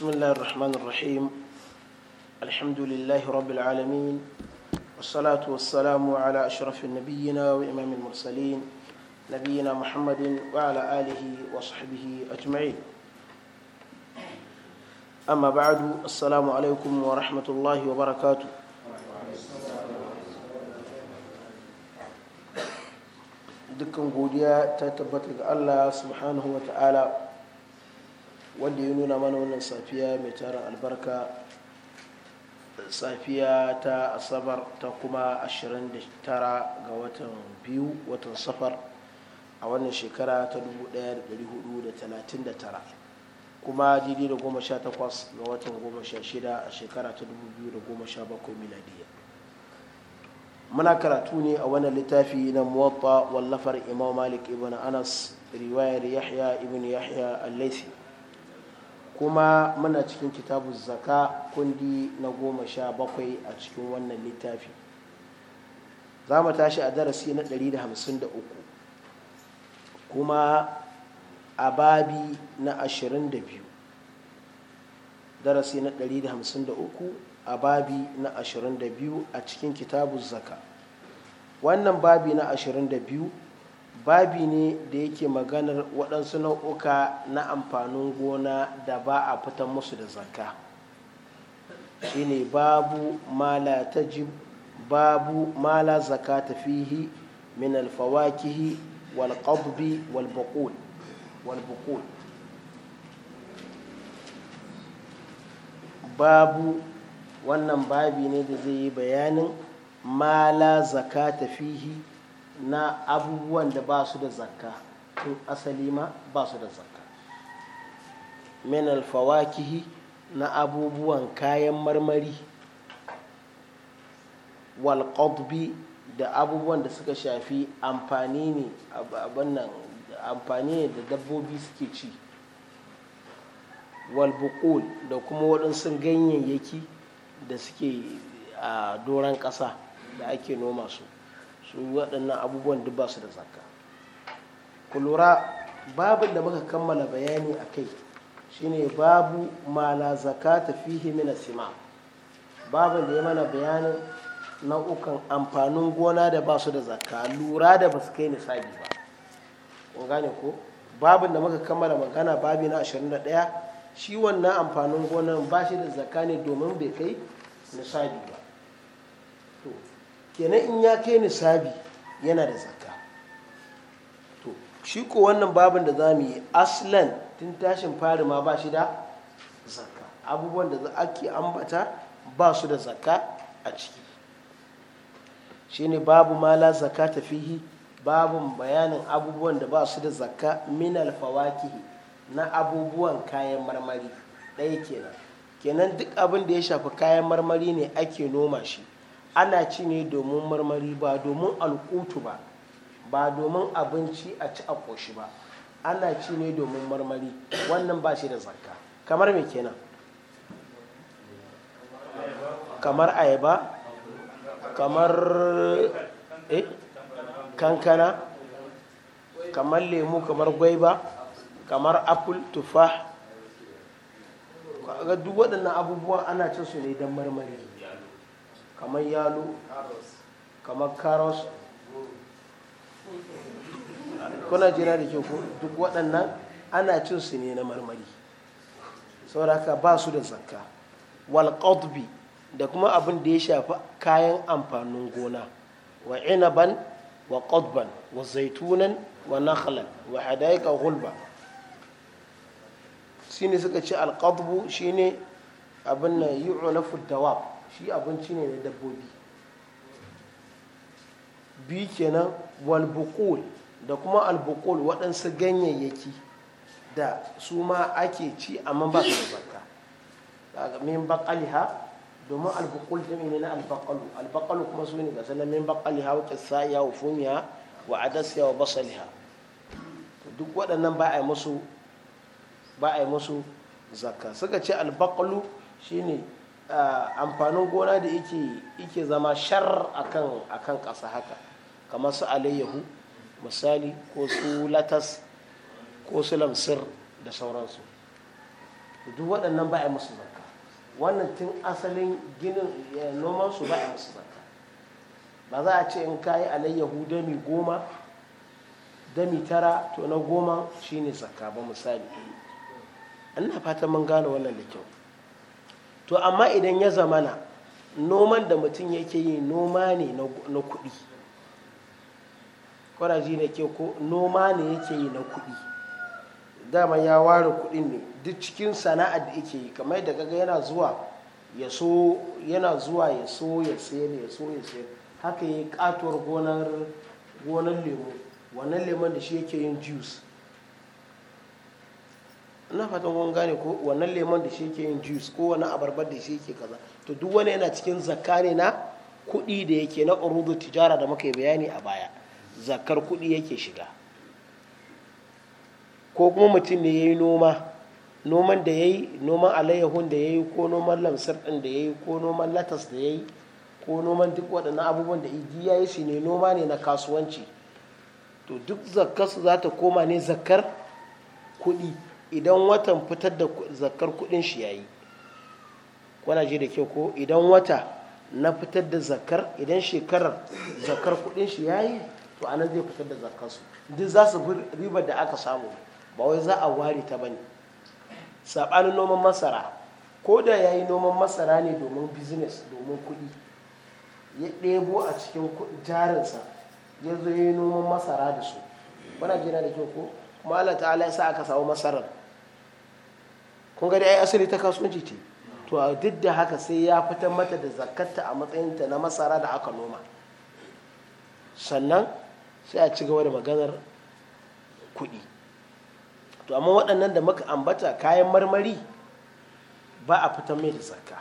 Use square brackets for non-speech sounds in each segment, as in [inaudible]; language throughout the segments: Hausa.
بسم الله الرحمن الرحيم الحمد لله رب العالمين والصلاة والسلام على أشرف نبينا وإمام المرسلين نبينا محمد وعلى آله وصحبه أجمعين أما بعد السلام عليكم ورحمة الله وبركاته دكم قوديا ta الله سبحانه وتعالى wanda ya nuna mana wannan safiya mai tarin albarka safiya ta asabar ta kuma 29 ga watan biyu watan safar a wannan shekara ta 1439 kuma didi da goma sha takwas ga watan goma sha shida a shekara ta 2017 miladiya muna karatu ne a wannan littafi na muwatta wallafar imam malik ibn anas riwayar yahya ibn yahya al-laisi kuma muna cikin kitabu zaka kundi na goma sha bakwai a cikin wannan littafi za mu tashi a darasi na 153 kuma a babi na 22 darasi na 153 a babi na 22 a cikin kitabu zaka wannan babi na babi ne da yake maganar waɗansu nau'uka na amfanin gona da ba a fita musu da zakka shine babu mala tajib babu mala zaka fihi min alfawakihi wal qabbi wal buqul wal babu wannan babi ne da zai yi bayanin mala zakata fihi na abubuwan da ba su da zakka tun asali ma ba su da zakka min alfawakihi na abubuwan kayan marmari wal da abubuwan da suka shafi amfani ne amfani ne da dabbobi suke ci wal da kuma waɗansu ganyayyaki da suke a doron ƙasa da ake noma su su waɗannan abubuwan duk ba su da zakka ku lura babin da muka kammala bayani a kai shine babu ma ta fi fihi na sima babin da ya mana bayanin nau'ukan amfanin gona da ba su da zakka lura da ba su kai nisabi ba kun gane ko babin da muka kammala magana babi na 21 shi wannan amfanin gonan ba shi da zakka ne domin bai kai nisabi ba kenan in ya kai nisabi yana da zakka to shi ko wannan babin da za mu yi aslan tun tashin fari ma ba shi da zakka abubuwan da ake ambata ba su da zakka a ciki shine babu ma la ta fihi babin bayanin abubuwan da ba su da zakka min alfawaki na abubuwan kayan marmari ɗaya kenan kenan duk abin da ya shafi kayan marmari ne ake noma shi ana ci ne domin marmari ba domin alƙutu ba ba domin abinci a ci a ƙoshi ba ana ci ne domin marmari wannan ba shi da zakka kamar me kenan kamar ayaba kamar eh, kankana kamar lemu kamar gwaiba kamar apple tufa duk waɗannan abubuwan ana cin su ne don marmari kamar yalo kamar karos kuna jira da kyau duk waɗannan ana cin su ne na marmari sauraka ba su da zakka walƙadbi da kuma abin da ya shafi kayan amfanin gona wa inaban wa qadban wa zaitunan wa nakhlan wa hadaika gulba shine suka ce al shi shine abin na na dawab shi abinci ne na dabbobi biyu kenan walbukul da kuma albukul waɗansu ganyayyaki da su ma ake ci amma ba su da barka min ha domin albukul jami ne na albakalu albakalu kuma su ne gasar min bakaliha wa kisaya wa ya wa adasiya wa basaliha duk waɗannan ba a yi musu ba a yi musu zakka suka ce albakalu ne. Eh, amfanin gona da yake zama shar akan ƙasa haka kamar su alayyahu misali ko su latas ko su lamsir da sauransu duk waɗannan ba a musu zarka wannan tun asalin ginin eh, nomansu ba a musu zarka ba za a ce in ka yi alayyahu dami goma dami tara to na goma shine zarka ba misali ina fata mun gane wannan da kyau to amma idan ya zamana noman da mutum yake yi noma ne na kuɗi kwaraji da ke ko noma ne yake yi na kuɗi dama ya ware kuɗin ne duk cikin sana'ar da yake yi kamar yadda kaga yana zuwa ya so yana zuwa ya so ya sayar ya so ya sayar haka yi katuwar gonar lemu wannan lemon da shi yake yin juice ina fatan kun gane ko wannan lemon da shi yake yin juice ko wani abarbar da shi yake kaza to duk wani yana cikin zakka ne na kuɗi da yake na urudu tijara da muka yi bayani a baya zakar kuɗi yake shiga ko kuma mutum ne ya yi noma noman da ya yi noman alayyahun da ya yi ko noman lamsar ɗin da ya yi ko noman latas da ya yi ko noman duk waɗannan abubuwan da ya yi shi ne noma ne na kasuwanci to duk zakkarsu za ta koma ne zakkar kuɗi idan watan fitar da zakar kudin shi yayi kuna ji da kyau ko idan wata na fitar da zakar idan shekarar zakar kudin shi yayi to anan zai fitar da zakar su duk za su bi ribar da aka samu ba wai za a ware ta bane sabanin noman masara ko da yayi noman masara ne domin business domin kuɗi ya ɗebo a cikin jarinsa ya zo ya yi noman masara da su kuna jina da kyau ko kuma Allah ta'ala ya sa aka samu masarar kun ga dai asali ta kasuwanci ce to a duk da haka sai ya fitar mata da zakatta a matsayinta na masara da aka noma sannan sai a ci gaba da maganar kuɗi to amma waɗannan da muka ambata kayan marmari ba a fitar mai da zakka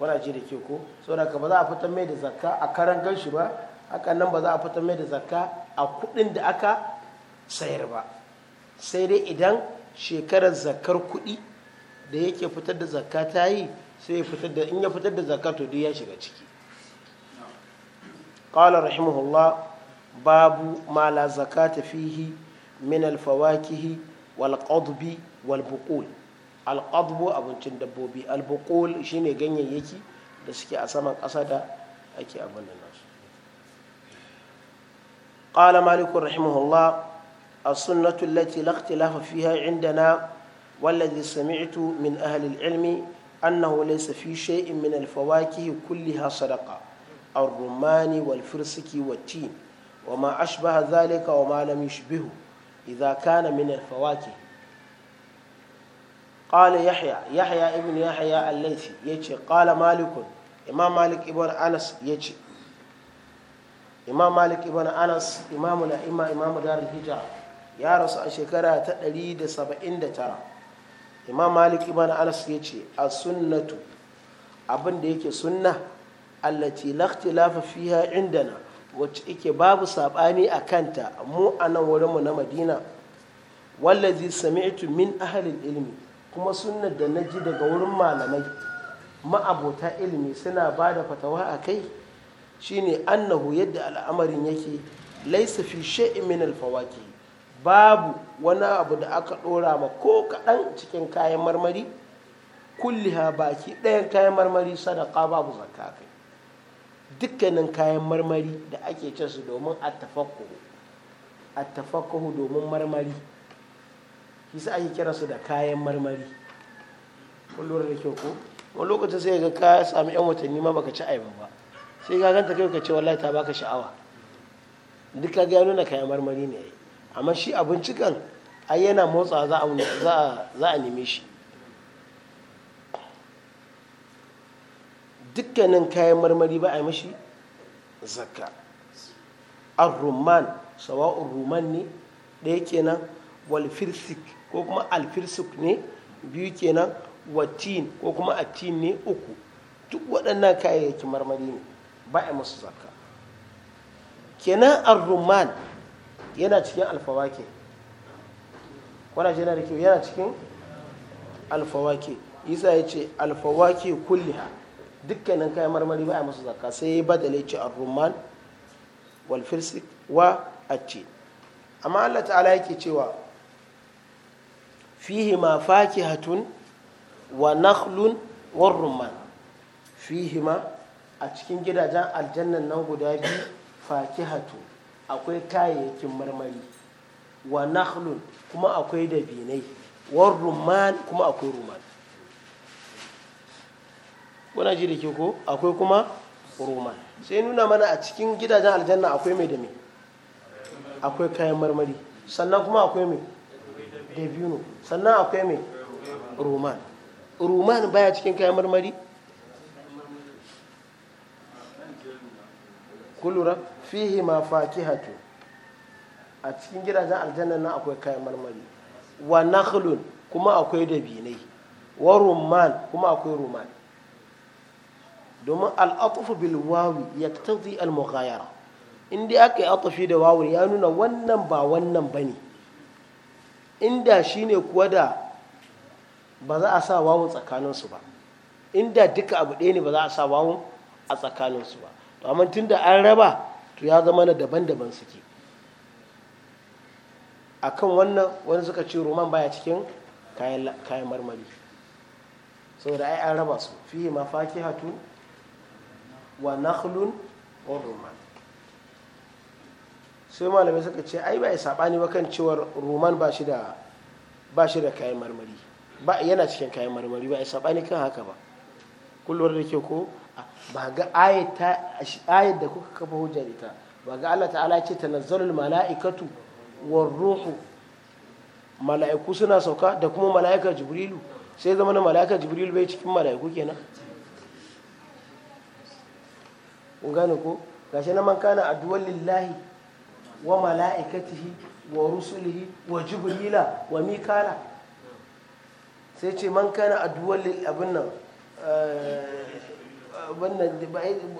wana ji da ke ko saboda ba za a fitar mai da zakka a karan ganshi ba hakan nan ba za a fitar mai da zakka a kuɗin da aka sayar ba sai dai idan shekarar zakar kuɗi da yake fitar da zakka ta yi sai in ya fitar da zakka to duk ya shiga ciki qala rahimahullah babu ma la zakata fihi min fawakihi wal qadbi wal buqul al qadbu abincin dabbobi al buqul shine ganyayyaki da suke a saman ƙasa da ake abin nan nasu qala malikun rahimahullah السنة التي لا اختلاف فيها عندنا والذي سمعت من أهل العلم أنه ليس في شيء من الفواكه كلها صدقة الرمان والفرسك والتين وما أشبه ذلك وما لم يشبهه إذا كان من الفواكه قال يحيى يحيى ابن يحيى الليثي يجي قال مالك إمام مالك ابن أنس يجي إمام مالك ابن أنس إمامنا إما إمام دار الهجرة ya rasu a shekara ta 179 imam malik ibn anas ya ce a sunnatu abin da yake sunna allati lafa fiha indana wacce ike babu saɓani a kanta mu a nan wurinmu na madina wallazi sami'tu min ahalin ilmi kuma sunnar da na ji daga wurin malamai ma'abota ilmi suna ba da fatawa a kai shine annahu yadda al'amarin yake laisa fi shay'in min alfawaki babu wani abu da aka ɗora ma ko kaɗan cikin kayan marmari kulliha baki ɗayan kayan marmari sadaka babu zakka kai dukkanin kayan marmari da ake ce su domin a tafakkuhu domin marmari shi ake kira su da kayan marmari kullum da kyau ko wani lokacin sai ga ka sami yan watanni ma baka ci ayaba ba sai ka ganta kai ka ce wallahi ta baka sha'awa duk ka gano na kayan marmari ne yayi amma shi abinci ai yana motsa za a neme shi dukkanin kayan marmari ba a yi mashi zakka ar sawa'un rumman ne ɗaya kenan walfirsik ko kuma alfirsik ne biyu kenan watin ko kuma atin ne uku duk waɗannan kayayyakin marmari ne ba a masu zakka kenan ar yana cikin alfawake yana da kyau yana cikin alfawake isa ya ce alfawake kulliha dukkanin kayan marmari ba a masu zaka sai ya badale ce ar-rumman wal a ce amma Allah ta'ala yake cewa fihi ma fakihatun wa nakhlun war rumman fihi ma a cikin gidajen aljannan nan guda biyu fakihatu akwai kayayyakin marmari wa nahlun kuma akwai dabinai wa rumman kuma akwai rumman kuna ji da ke ko akwai kuma rumman sai nuna mana a cikin gidajen aljanna akwai mai da mai akwai kayan marmari sannan kuma akwai mai dabino sannan akwai mai rumman rumman baya cikin kayan marmari kullura. fihi ma fakihatu a cikin gidajen aljanna na akwai kayan marmari wa nakhlun kuma akwai dabinai wa rumman kuma akwai rumman domin al'atufu bil wawi yaktazi al mughayara inda aka yi atufi da wawun ya nuna wannan ba wannan ba ne inda shine kuwa da ba za a sa wawun tsakaninsu ba inda duka abu ɗaya ne ba za a sa wawun a tsakaninsu ba to amma tunda an raba to ya zama na daban-daban suke kan wannan wani suka ce roman baya cikin kayan marmari saboda ai an raba su fiye ma hatu wa nakhlun wa roman sai malamai suka ce ai ba ya saɓani ba kan cewar roman ba shi da kayan marmari ba yana cikin kayan marmari ba ya saɓani kan haka ba kullum da ke ko ba ga ayat da kuka kafa hujja ita ba ga Allah ta'ala ce ta tanazzalul mala'ikatu war ruhu mala'iku suna sauka da kuma mala'ikar jibrilu sai zama na mala'ikar jibrilu bai cikin mala'iku kenan kun gane ko gashi na man kana addu'ar lillahi wa mala'ikatihi wa rusulihi wa jibrila wa mikala sai ce man kana addu'ar abin nan eh, wannan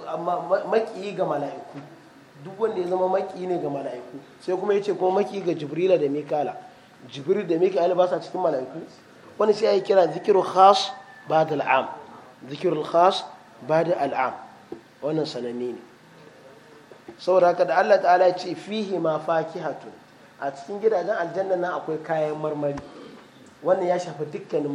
amma makiyi ga mala'iku duk wanda ya zama makiyi ne ga mala'iku sai kuma ya ce kuma makiyi ga jibrila da mikala jibril da mikala ba sa cikin mala'iku wani sai ya kira zikirul khas ba da al'am zikirul khas ba da al'am wannan sanani ne saboda haka da Allah ta'ala ya ce fihi ma fakihatun a cikin gidajen aljanna nan akwai kayan marmari wannan ya shafi dukkanin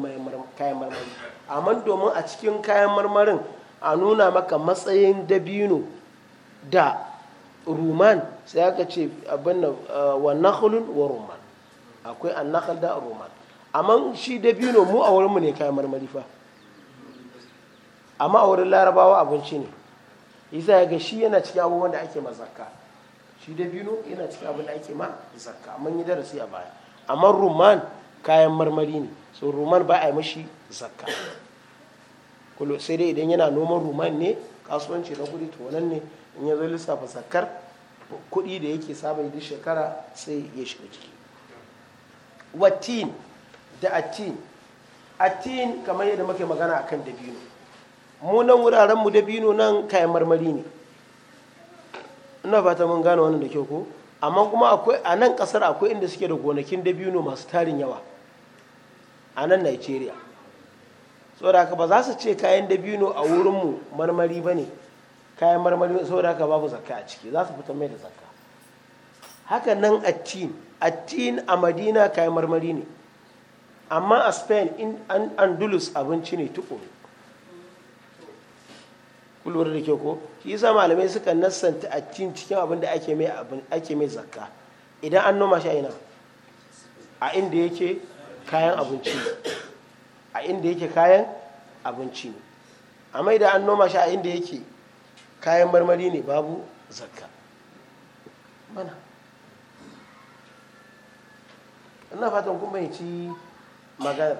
kayan marmari amma domin a cikin kayan marmarin a nuna maka matsayin dabino da ruman sai aka ce abin eh, wa nakhlun wa ruman akwai annakhl da ruman amma shi dabino mu a wurinmu ne kayan marmari fa amma a wurin larabawa abinci ne isa ya ga shi yana cikin abubuwan da ake ma zakka shi dabino yana cikin abin da ake ma zakka mun yi darasi a baya amma ruman kayan marmari ne so ruman ba a yi mashi zakka kullum sai dai idan yana noman ruman ne kasuwanci na kudi to ne in ya zo lissafa sakar kuɗi da yake samun duk shekara sai ya shiga ciki watin da atin atin kamar yadda muke magana akan dabino mu nan wuraren mu dabino nan kayan marmari ne ina fata mun gane wannan da kyau ko amma kuma akwai a nan kasar akwai inda suke da gonakin dabino masu tarin yawa a nan Najeriya saboda haka ba za su ce kayan dabino a wurinmu marmari ba ne kayan marmari saboda haka babu zakka a ciki za su fitar mai da zakka haka nan a tin a a madina kayan marmari ne amma a spain in andalus abinci ne tukuru kulwar da ke ko shi yasa malamai suka nassanta tin cikin abin da ake mai zakka idan an noma shi a ina a inda yake kayan abinci a inda yake kayan abinci ne amma idan an noma shi a inda yake kayan marmari ne babu zakka mana ina fatan kuma ya ci magana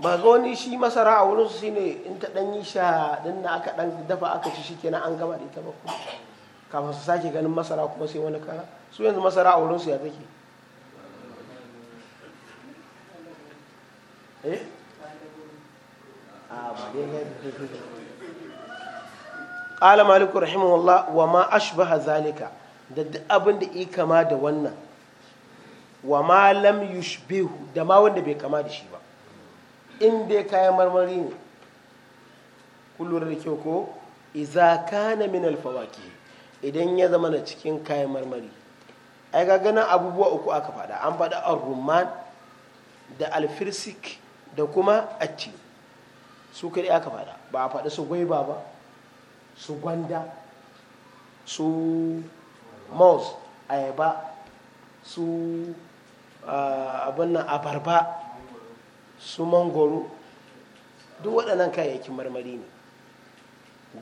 ba ga wani shi masara a wurinsu shi ne in ta ɗan yi sha ɗin na aka ɗan dafa aka ci shi an gama da ita ba kuma kafin su sake ganin masara kuma sai wani kara su yanzu masara a wurinsu ya take ƙala eh? ah, maliku rahimahullah wa ma ashbaha zalika da duk abin da yi kama da wannan wa ma lam yushbihu da ma wanda bai kama da shi ba in dai kayan marmari ne kullum da kyau ko iza kana min alfawaki idan ya zama na cikin kayan marmari ai ga ganin abubuwa uku aka faɗa an fada ar-rumman da alfirsik da kuma atti su kaɗai aka faɗa ba a faɗi su gwaiba ba su gwanda su maus ayaba su ah, abinnan abarba su mangoro duk waɗannan kayayyakin marmari ne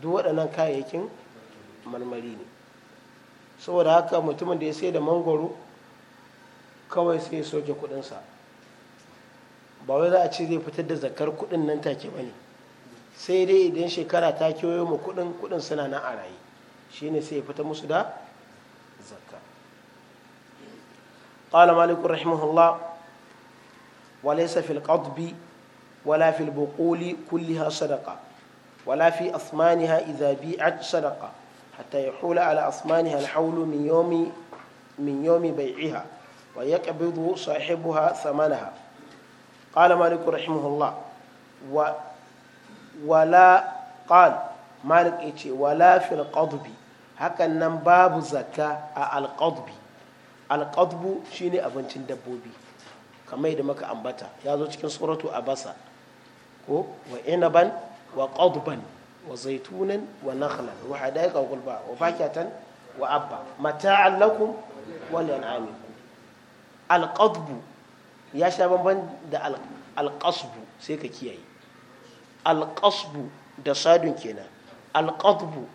duk waɗannan kayayyakin marmari ne saboda haka mutumin da ya sai da mangoro kawai sai ya soke kudinsa ba wai za a ce zai fitar da zakar kuɗin nan take ba ne sai dai idan shekara ta kewayo ma kuɗin kuɗin suna nan a raye shi ne sai ya fita musu da zakar ƙala malikun rahimahullah wale sa fil ƙadbi wala fil buƙuli kulli ha sadaka wala fi ha izabi a sadaka hatta ya hula ala asmani ha alhaulu min yomi min yomi bai iha wa ya ƙabidu sahibu ha samanaha قال مالك رحمه الله و ولا قال مالك يتي ولا في القضب hakan nan babu zata a alƙadbi alƙadbu shine abincin dabbobi kamar da muka ambata ya zo cikin suratu a basa wa inaban wa qadban wa zaitunan wa nakhlan wa gulba wa wa abba wa ya sha bamban da alƙasbu sai ka kiyaye alƙasbu da sadun kenan alƙasbu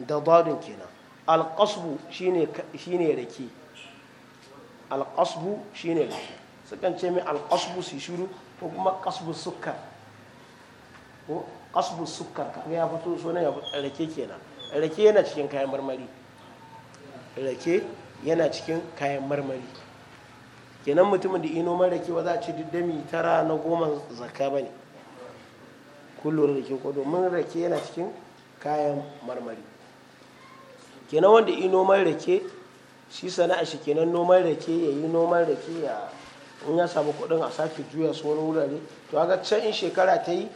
da dadun kenan alƙasbu shine rake alƙasbu shine rake sukan ce mai alƙasbu su shuru ko kuma ƙasbu sukar ko ƙasbu sukar kaga ya fito sunan ya rake kenan rake yana cikin kayan marmari rake yana cikin kayan marmari kenan mutumin da ino da ke ba za a ci diddami tara na goma zakka ba ne kullum da ke ko domin rake yana cikin kayan marmari kenan wanda yi noman rake shi sana'a shi kenan noman rake ya yi noman rake ya in ya samu kuɗin a sake juya su wani wurare to haka can in shekara ta yi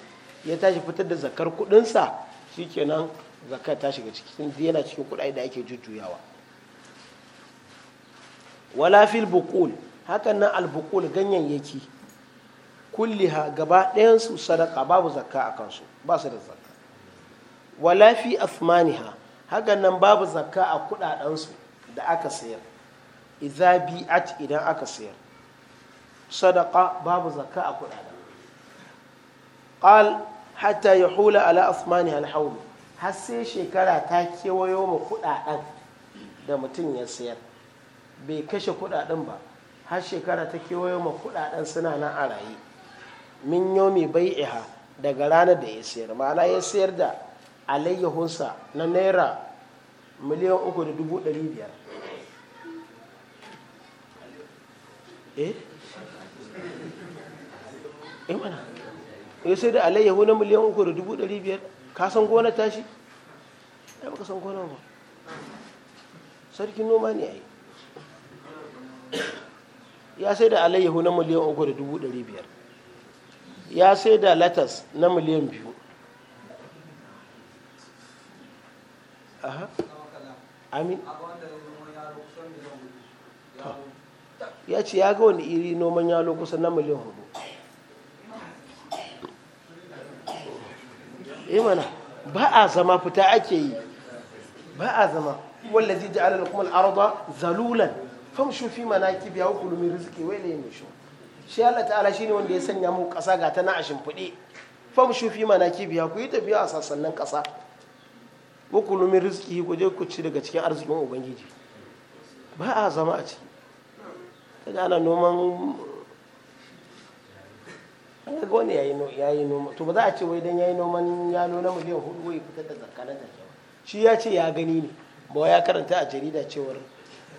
ya tashi fitar da zakar kuɗinsa shi kenan zakar ta shiga cikin yana cikin kuɗaɗe da ake jujjuyawa wala fil bukul hakan nan albukul ganyayyaki kulliha gaba ɗayansu sadaka babu zakka a kansu ba su da zakka wala fi athmaniha hakan nan babu zakka a kudadansu da aka sayar idza bi'at idan aka sayar sadaka babu zakka a kuɗaɗen qal hatta yahula ala athmaniha alhawl har sai shekara ta kewayo ma kuɗaɗen da mutum ya sayar bai kashe kuɗaɗen ba har shekara ta kewayo ma kudaden suna nan a raye min yomi bai'iha daga ranar da ya sayar ma'ana ya sayar da alayyahunsa na naira miliyan uku da dubu ɗari biyar eh eh mana ya sai da alayyahu na miliyan uku da dubu ɗari biyar ka san gona tashi ya baka san gona ba sarkin noma ne a yi ya sai da alayyahu na miliyan uku da dubu ɗari biyar ya sai da latas na miliyan biyu amin ya ce ya ga wani iri noman yalo kusa na miliyan hudu imana eh ba a zama fita ake yi ba a zama wallazi ja'ala lakum al zalulan famshu fi manaki biya wa kulumi rizqi wai ne ne shi Allah ta'ala shine wanda ya sanya mu ƙasa ga ta na a Fam famshu fi manaki biya ku yi tafiya a sassanin ƙasa wa kulumi rizqi ku je ku ci daga cikin arzikin ubangiji ba a zama a ciki Ta ana noman an ga wani yayi noma to ba za a ce wai dan yayi noman yano na miliyan hudu ya fitar da zakka da shi ya ce ya gani ne ba ya karanta a jarida cewar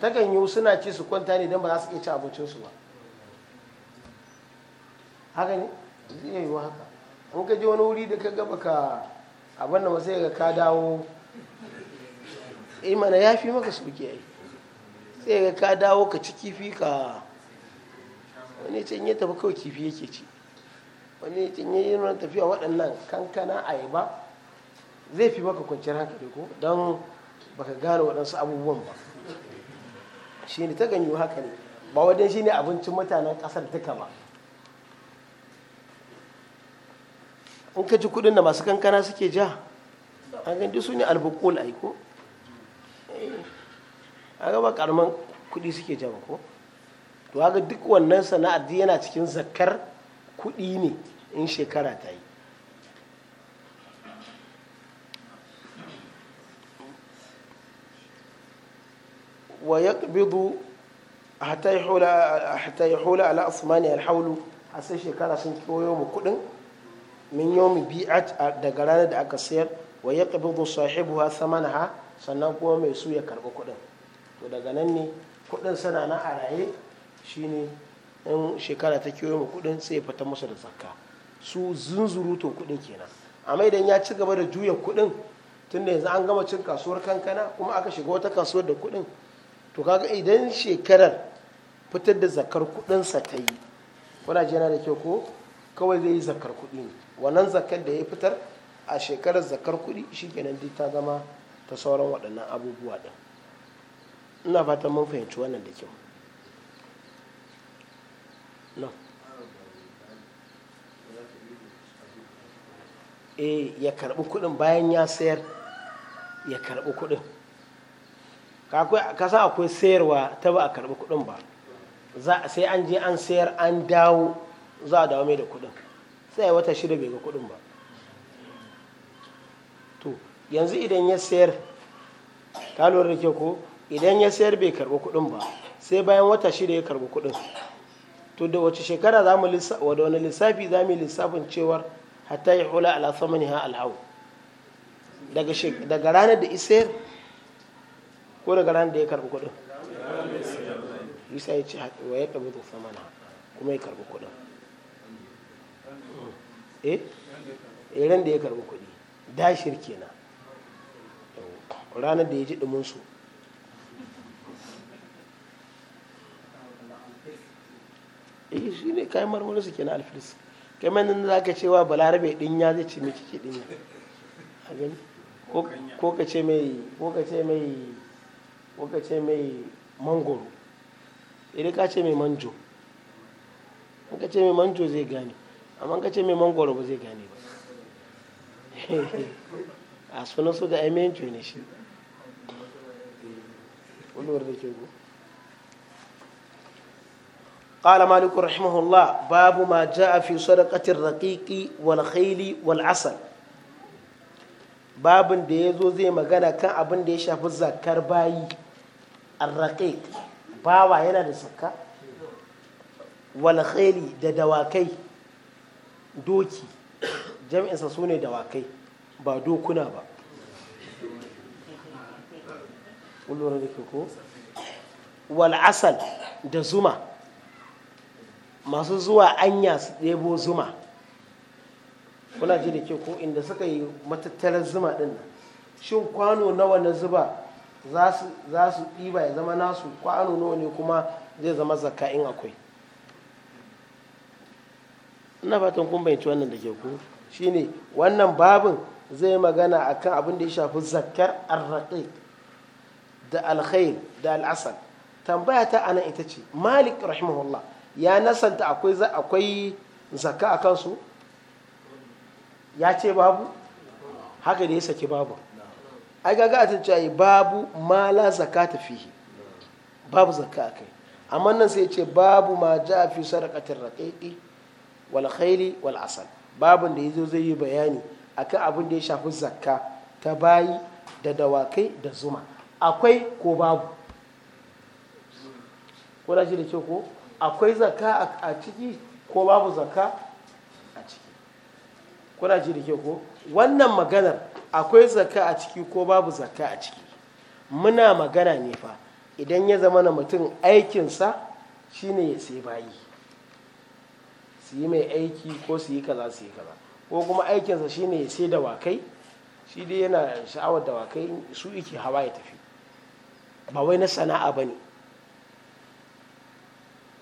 ta ganyo suna ci su kwanta ne don ba za su iya ci abincinsu ba haka ne zai iya yiwu haka in ka je wani wuri da ka gaba ka abin da wasu ga ka dawo imana eh ya fi maka sauki ai sai ga ka dawo ka ci kifi ka wani ce ya tafi kawai kifi yake ci wani ce ya yi nuna tafiya waɗannan kankana ayaba zai fi maka kwanciyar hankali ko don baka gane waɗansu abubuwan ba shi ne ta ganyu haka ne ba wajen shi ne abincin mutanen ƙasar duka ba in ka ji kudin da masu kankana suke ja an gandi su ne albukul aiko eh, a gaba karman kudi suke ja ba ko to haka duk wannan sana'ar yana cikin zakar kudi ne in shekara ta yi ويقبض حتى يحول حتى يحول على أصمانه الحول حسي شكرا سنكو يوم كدن من يوم بيعت دقران دا أكسير ويقبض صاحبها ha sannan kuma mai su ya karɓi kuɗin to daga nan ne kuɗin sana na a raye shine in shekara ta kiwo mu kuɗin sai fita musu da zakka su zunzurutun kuɗin kenan amma idan ya ci gaba da juya kuɗin da yanzu an gama cin kasuwar kankana kuma aka shiga wata kasuwar da kuɗin to kaga idan shekarar fitar da zakar kudinsa ta yi kuna yana da kyau ko kawai zai yi zakar kudi ne wannan zakar da ya fitar a shekarar zakar kudi shikenan dai ta zama ta sauran waɗannan abubuwa ɗin ina fatan mun fahimci wannan da kyau no. e ya karɓi kuɗin bayan ya sayar ya karɓi kuɗin ka san akwai sayarwa ta ba a karɓi kuɗin ba sai an je an sayar an dawo za a dawo mai da kuɗin sai wata shida bai ga kuɗin ba to yanzu idan ya sayar ka lura da ke ko idan ya sayar bai karɓi kuɗin ba sai bayan wata shida ya karɓi kuɗin to da wace shekara za mu lissafi wani lissafi za mu lissafin cewar hatta ya hula ala ha al'au daga ranar da isayar ko daga ran da ya karbi kuɗin isa ya ce wa ya ɗabi zuwa mana kuma ya karbi kuɗin eh? eh ran da ya karbi da shirke na ranar da ya ji su eh shi ne kayan ke na alfiris kamar nan za ka cewa balarabe ya zai ce mai ciki ɗinya ko ka ce mai ko ka ce mai mangoro idan ka ce mai manjo in ka ce mai manjo zai gane amma ka ce mai mangoro ba zai gane ba [laughs] a sunan su da aimiyan ne shi kulwar da ke go قال مالك رحمه الله باب ما جاء في صدقة الرقيق والخيل والعسل باب da ya zo zai magana kan abin da ya shafi zakar bayi arraqiq bawa yana da sakka wal da dawakai doki jami'insa su ne dawakai ba dokuna ba kullum da ko da zuma masu zuwa anya su ɗebo zuma kuna ji da ke ko inda suka yi matattarar zuma ɗin shin kwano nawa na zuba za su ɗiba ya zama nasu kwano nawa ne kuma zai zama zakka in akwai ina fatan kun bayanci wannan da ke ku shine wannan babin zai magana akan abin da ya shafi zakkar arraqiq da alkhair da al'asal tambaya ta anan ita ce malik rahimahullah ya nasanta akwai akwai zakka a kansu? ya ce babu haka da ya saki babu ai gaga a cewa babu ma la ta fihi babu a kai amma nan sai ce babu ma ja fi sadaqatir raqiqi wal khayli wal asal babun da yazo zai yi bayani akan abin da ya shafi zakka ta bayi da dawakai da zuma akwai ko babu ko da shi da ke ko akwai zakka a ciki ko babu zakka a ciki ko da shi da ke ko wannan maganar akwai zaka a ciki ko babu zaka a ciki muna magana ne fa idan ya zama na mutum aikinsa shine ya sai bayi su yi mai aiki ko su yi kaza su yi kaza ko kuma aikinsa shine ya sai dawakai shi dai yana sha'awar dawakai su iki hawa ya tafi ba wai na sana'a ba ne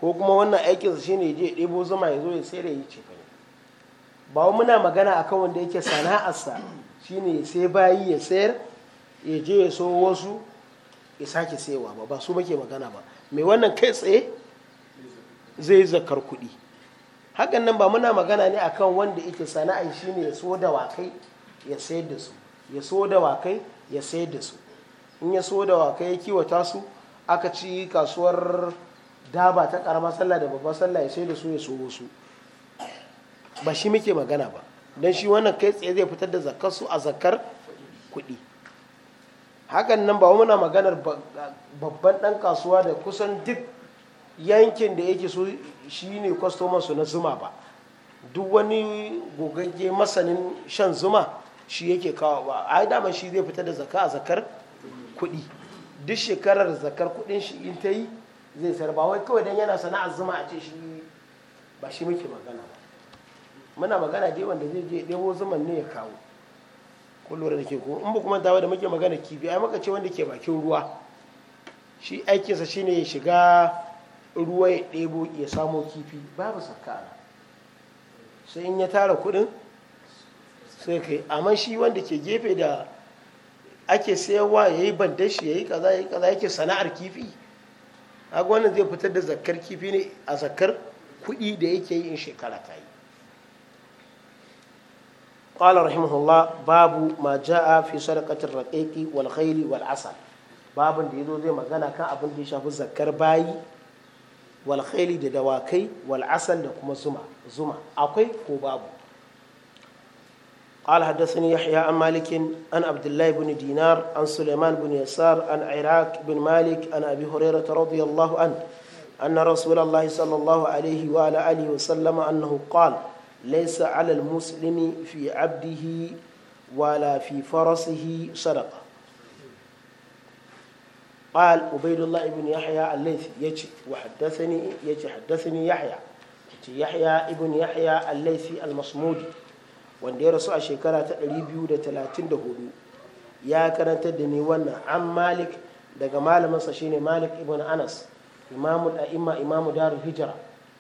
ko kuma wannan aikinsa shine ya je ya ɗebo zuma ya zo ya sai da ya ce ba wa muna magana akan wanda yake sana'arsa shine sai bayi ya sayar ya je ya so wasu ya sake sayawa ba ba su muke magana ba mai wannan kai tsaye zai zakar kuɗi hakan nan ba muna magana ne akan wanda yake sana'a shine ya so da wakai ya sayar da su ya so da wakai ya sayar da su in ya so da wakai ya kiwata su aka ci kasuwar daba ta karamar sallah da babban sallah ya sayar da su ya so wasu ba shi muke magana ba don shi wannan kai tsaye zai fitar da zakarsu a zakar kuɗi hakan nan ba muna maganar babban ɗan kasuwa da kusan duk yankin da yake so shi ne su na zuma ba duk wani gogagge masanin shan zuma shi yake kawo ba a yi dama shi zai fitar da zaka a zakar kuɗi duk shekarar zakar kuɗin shi in ta yi zai sayar ba wai kawai don yana sana'ar zuma a ce shi ba shi muke magana ba muna magana dai wanda zai je ɗaya zaman ne ya kawo ko lura da ke ko in ba kuma dawa da muke magana kifi ai maka ce wanda ke bakin ruwa shi aikinsa shine ya shiga ruwa ya ɗebo ya samo kifi babu sakka sai in ya tara kuɗin sai kai amma shi wanda ke gefe da ake sayarwa ya yi bandashi ya yi kaza kaza yake sana'ar kifi haka wannan zai fitar da zakar kifi ne a zakkar kuɗi da yake yi in shekara ta yi قال رحمه الله باب ما جاء في صدقة الرقيق والخيل والعسل باب دي يزو زي magana kan abin da ya shafi zakkar bayi wal khayli da dawakai wal asal da kuma zuma zuma akwai ko babu قال حدثني يحيى عن مالك عن عبد الله بن دينار عن سليمان بن يسار عن عراك بن مالك عن ابي هريره رضي الله عنه ان رسول الله صلى الله عليه وعلى اله وسلم انه قال laisa alal muslimi fi abdihi wala fi farasihi sadaqa قال عبيد الله بن يحيى الليثي يجي وحدثني يجي حدثني يحيى يحيى ابن يحيى الليثي المصمودي wanda ya rasu a shekara ta 234 ya karantar da ni wannan an malik daga malaminsa shine malik ibn anas imamul a'imma imamu darul hijira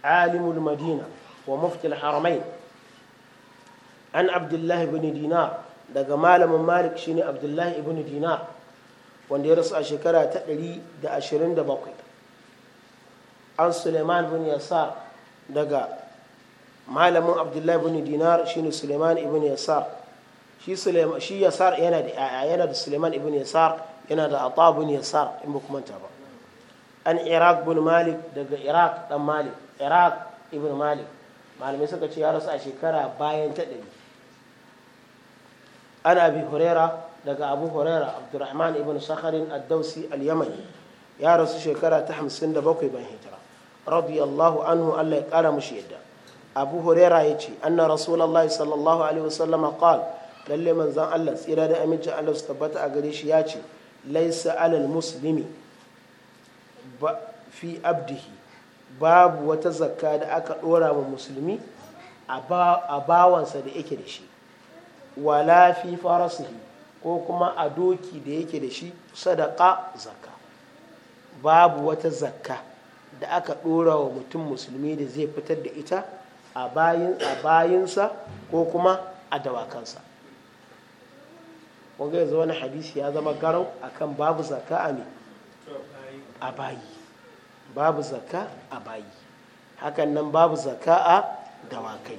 alimul madina ومفتي الحرمين عن عبد الله بن دينار دقى مالم مالك شيني عبد الله بن دينار wanda ya rasu a shekara ta 127 an suleiman bin yasar daga malamin abdullahi bin dinar shine suleiman ibn yasar shi yasar yana da yaya yana da suleiman ibn yasar yana da ata bin yasar in ba kuma ta ba an iraq bin malik daga iraq dan malik iraq ibn malik malamai suka ce ya rasu a shekara bayan ta ɗari an abi huraira daga abu huraira abdurrahman ibn sakharin ad al-yamani ya rasu shekara ta bakwai bayan hijira radiyallahu anhu Allah ya kara mushi yadda abu huraira ya ce anna rasulullahi sallallahu alaihi wasallam qal lalle manzon Allah tsira da aminci Allah su tabbata a gare shi ya ce laisa alal muslimi fi abdihi babu wata zakka da aka dora wa musulmi a bawansa da yake da shi wala fi farasihi ko kuma a doki da yake da shi sadaka zakka babu wata zakka da aka ɗora wa mutum musulmi da zai fitar da ita a bayinsa ko kuma a dawakansa wanga zama na hadisi ya zama garau akan babu zakka a a bayi babu zaka a bayi hakan nan babu zaka a dawakai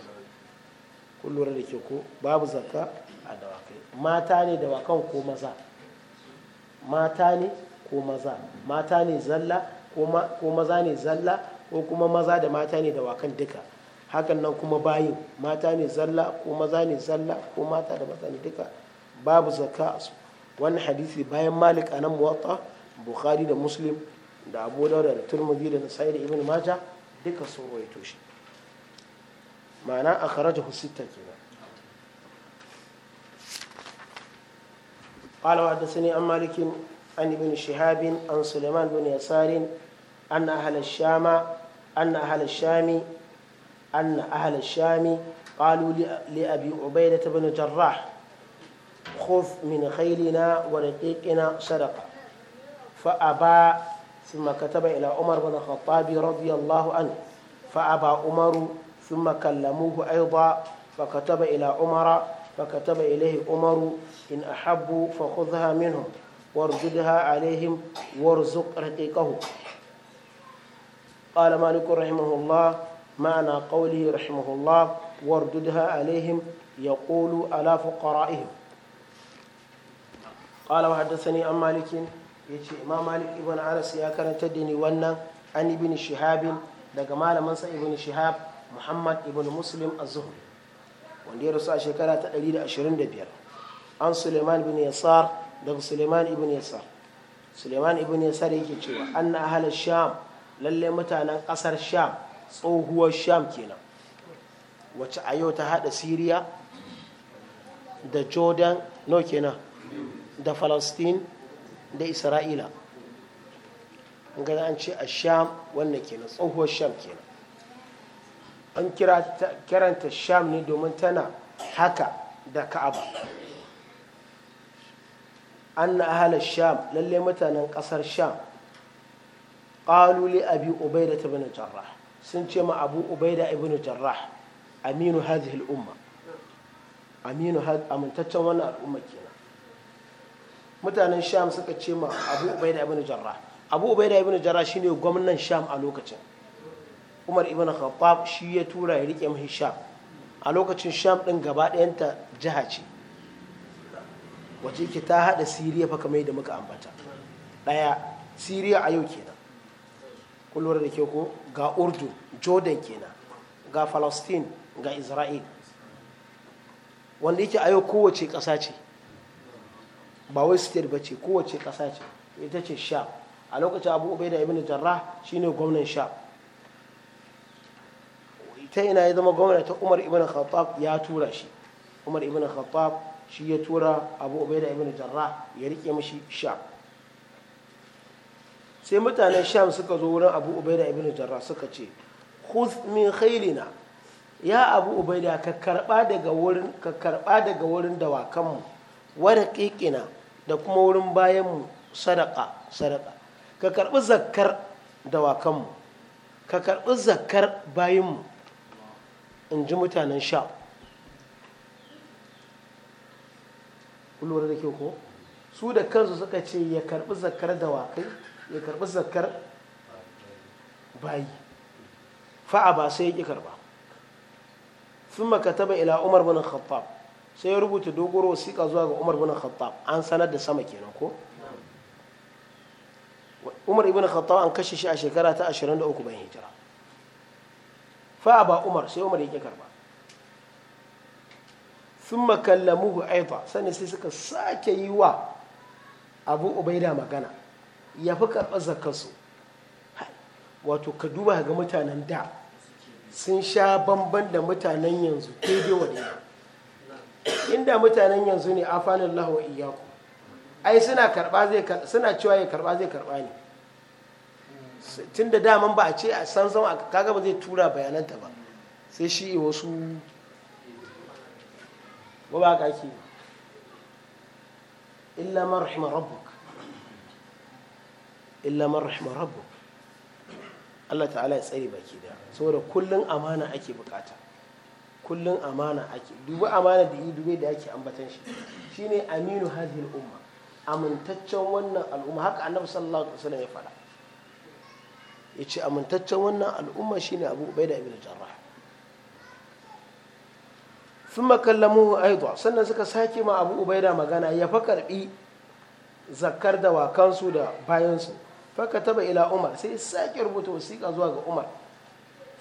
kun lura da ke ko babu zaka a dawakai mata ne dawakan ko maza mata ne ko maza mata ne zalla ko maza ne zalla ko kuma maza da mata ne dawakan duka hakan nan kuma bayin mata ne zalla ko maza ne zalla ko mata da maza ne duka babu zaka a su wannan hadisi bayan malik a nan muwatta bukhari da muslim da abu dauda da turmuzi da nasai da ibn maja duka sun ruwaito shi ma'ana a kharaja husitta kenan قال وحدثني عن مالك عن ابن شهاب عن سليمان بن يسار أن أهل الشام أن أهل الشام أن أهل الشام قالوا لأبي عبيدة بن جراح خذ من خيلنا ورقيقنا صدقة فأبى ثم كتب إلى عمر بن الخطاب رضي الله عنه فأبى عمر ثم كلموه أيضا فكتب إلى عمر فكتب إليه عمر إن أحبوا فخذها منهم وارددها عليهم وارزق رقيقه قال مالك رحمه الله معنى قوله رحمه الله وارددها عليهم يقول على فقرائهم قال وحدثني عن مالك yace imam malik ibn anas ya karanta da ni wannan an ibn shihabin daga malamansa ibn shihab muhammad ibn muslim az-zuhri wanda ya rasu a shekara ta 125 an suleiman bin yasar daga suleiman ibn yasar suleiman ibn yasar yake cewa anna ahal sham lalle mutanen kasar sham tsohuwar sham kenan wacce a yau ta hada siriya da jordan no kenan da palestine da isra'ila ga an ce a sham wannan kenan tsohuwar sham kenan an kiranta sham ne domin tana haka da ka'aba an na ahalar sham lalle mutanen kasar sham ƙaluli abi ubaida ta bin jarrah sun ce ma abu ubaida ibn jarrah aminu hadhihi umma, aminu amintaccen wannan al'umma kenan mutanen sham suka ce ma abu ubaida ibn jarra abu ubaida ibn jarra shine gwamnan sham a lokacin umar ibn khattab shi ya tura ya rike mahi sham a lokacin sham din gaba ɗayanta jiha ce wace ke ta haɗa siriya fa kamar yadda muka ambata ɗaya siriya a yau kenan kullum da ke ko ga urdu jordan kenan ga Falastin, ga isra'il wanda yake a yau kowace ƙasa ce ba wai state ba ce kowace ƙasa ce ita ce sha a lokacin abu ubaida ibn jarrah shine gwamnan sha ta ina ya zama gwamna ta umar ibn khattab ya tura shi umar ibn khattab shi ya tura abu ubaida ibn jarrah ya rike mishi sha sai mutanen sham suka zo wurin abu ubaida ibn jarrah suka ce khudh min khailina ya abu ubaida ka karba daga wurin ka karba daga wurin dawakanmu wa raqiqina da kuma wurin bayanmu sadaka sadaka ka karɓi zakkar dawakanmu ka karbi zakkar bayanmu in ji mutanen sha lura da ke ko su da kansu suka ce ya karɓi zakkar dawakai ya karbi zakkar bayi fa'a ba sai ya ƙi karɓa sun makataba ila umar bin khattab sai ya rubuta dogoro wasiƙa zuwa ga umar bin khattab an sanar da sama kenan ko umar ibn khattab an kashe shi a shekara ta 23 bayan hijira fa ba umar sai umar yake karba thumma kallamuhu aifa sani sai suka sake yi wa abu ubaida magana ya fi karɓar zakarsu wato ka duba ga mutanen da sun sha bamban da mutanen yanzu daidai wa inda mutanen yanzu ne afanin lahu iyaku ai suna karba zai suna cewa ya karba zai karba ne tun da daman ba a ce a san san kaga ba zai tura bayananta ba sai shi wasu ba ba ka ke illa marhima rabbuk illa marhima rabbuk Allah ta'ala ya tsare baki da saboda kullun amana ake bukata kullum amana ake dubi amana da dubi da ake ambatan shi shine aminu hadhihi umma amintaccen wannan al'umma haka annabi sallallahu alaihi wasallam ya faɗa yace amintaccen wannan al'umma shine Abu Ubaida ibn Jarrah thumma kallamuhu aidan sannan suka sake ma Abu Ubaida magana ya fa karbi zakkar da wakansu da bayansu faka taba ila Umar sai sake rubuta wasiƙa zuwa ga Umar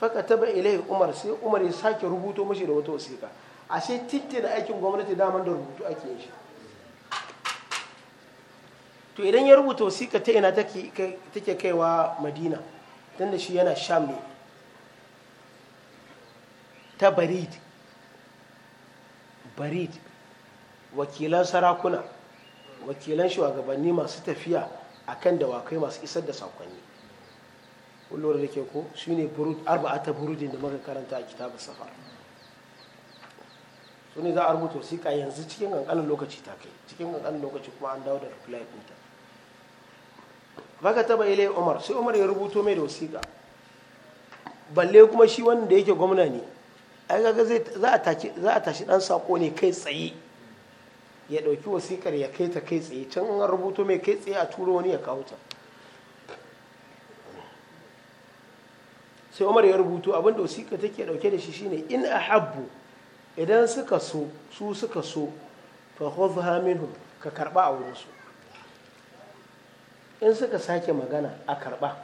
faka taba ilai umar sai umar ya sake rubuto mashi da wata wasiƙa sai titti da aikin gwamnati daman da rubutu ake yin shi to idan ya rubuta wasiƙa ta ina take kaiwa madina da shi yana sham ne ta barid barid wakilan sarakuna wakilan shugabanni masu tafiya akan dawakai masu isar da sakonni kullum da ke ko shi ne arba'ata burudin da muka karanta a kitabu safar su ne za a rubuta wasiƙa yanzu cikin ƙanƙanin lokaci ta kai cikin ƙanƙanin lokaci kuma an dawo da reply ɗinta baka taba ilai umar sai umar ya rubuto mai da wasiƙa balle kuma shi wanda yake gwamna ne ai kaga za a tashi ɗan saƙo ne kai tsaye ya ɗauki wasiƙar ya kai ta kai tsaye can an rubuto mai kai tsaye a turo wani ya kawo ta sai umar ya rubutu abinda wasiƙa take ɗauke da shi shine in ahabbu idan suka so su suka so fahofu haminu ka karɓa a wurinsu su in suka sake magana a karɓa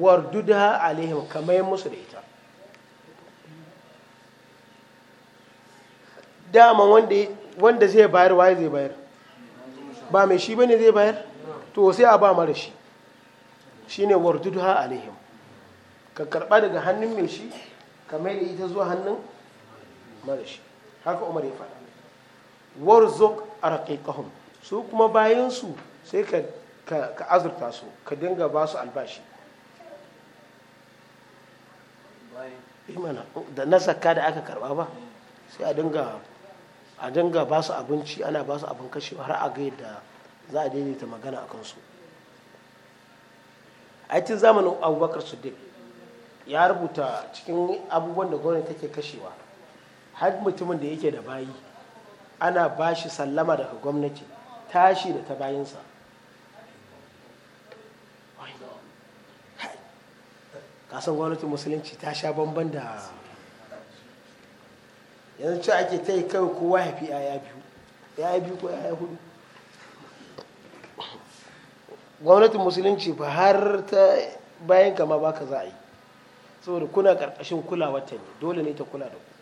warduda alaihim kamar musu da ita dama wanda zai bayar waye zai bayar ba mai shi bane zai bayar to sai a ba mara shi shine warduda alaihim ka karba daga hannun mai shi ka mai da ita zuwa hannun mara shi haka umar ya faɗa warzuk arqiqahum su kuma bayan su sai ka azurta su ka dinga ba su albashi eh da na zakka da aka karba ba sai a dinga a ba su abinci ana ba su abin kashewa har a ga da za a daidaita magana a kansu a cikin zamanin abubakar siddiq ya rubuta cikin abubuwan da gwamnati take kashewa har mutumin da yake da bayi ana ba shi sallama daga gwamnati tashi da ta bayansa kasan gwamnatin musulunci ta sha bamban da yanzu ce ake ta yi kawai kowa ya fi yaya biyu yaya biyu ko yaya hudu gwamnatin musulunci ba har ta bayan kama ba ka za a yi saboda kuna karkashin kulawa ta ne dole ne ta kula da ku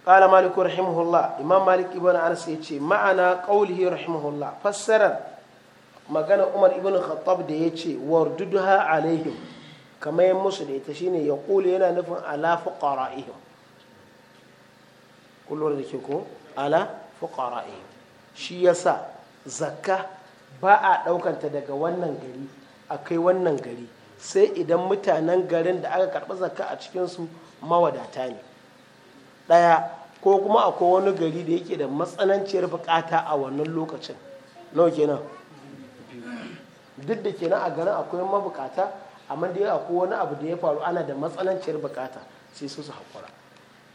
قال مالك رحمه الله إمام مالك ابن أنس يتي معنا قوله رحمه الله magana umar ibn khattab da ya ce warduduha alaihim kamar yin musu da ita shine ya kula yana nufin ala fuqara'ihim kullum da ke ko ala fuqara'ihim shi yasa zakka ba a ɗaukanta daga wannan gari a kai wannan gari sai idan mutanen garin da aka karɓi zakka a cikinsu mawadata ne ɗaya ko kuma akwai wani gari da yake da matsananciyar bukata a wannan lokacin nawa kenan duk da kenan a garin akwai mabukata amma dai akwai wani abu da ya faru ana da matsananciyar bukata sai su su haƙura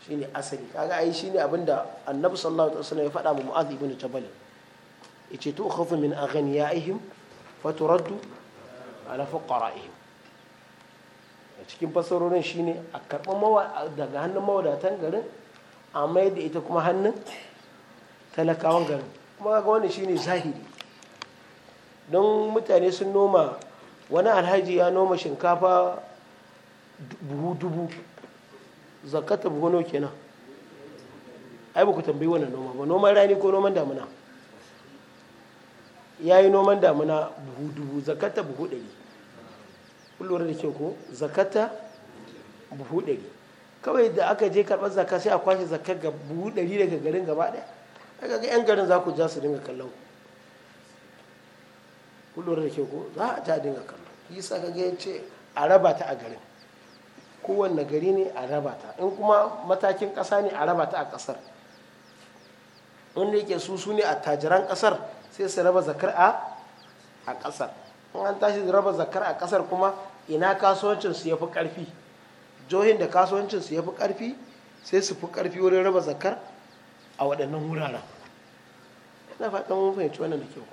shine asali kaga ai shine abin da annabi sallallahu alaihi wasallam ya faɗa wa mu'adh ibn jabal yace tu khafu min aghniyaihim faturaddu ala fuqara'ihim a cikin fasarorin shine a karɓar daga hannun mawadatan garin a mai da ita kuma hannun talakawan garin kuma ga shi shine zahiri don mutane sun noma wani alhaji ya noma shinkafa buhu dubu zakata buhu kenan ai ba ku tambayi wani noma ba noman rani ko noman damina ya yi noman damuna buhu dubu zakata buhu ɗari kullum da ke ko zakata buhu ɗari kawai da aka je karɓar zaka sai a kwashe zakar ga buhu ɗari daga garin gaba ɗaya daga ga 'yan garin za ku ja su dinga kallon ku kullum da ke ko za a ja dinga kallon yi sa ka ya ce a raba ta a garin kowanne gari ne a raba ta in kuma matakin ƙasa ne a raba ta a ƙasar wanda yake su su ne attajiran ƙasar sai su raba zakar a ƙasar in an tashi raba zakar a ƙasar kuma ina kasuwancinsu ya fi ƙarfi johin da kasuwancinsu ya fi ƙarfi sai su fi ƙarfi wurin raba zakar a waɗannan wuraren ina fatan mun fahimci wannan da kyau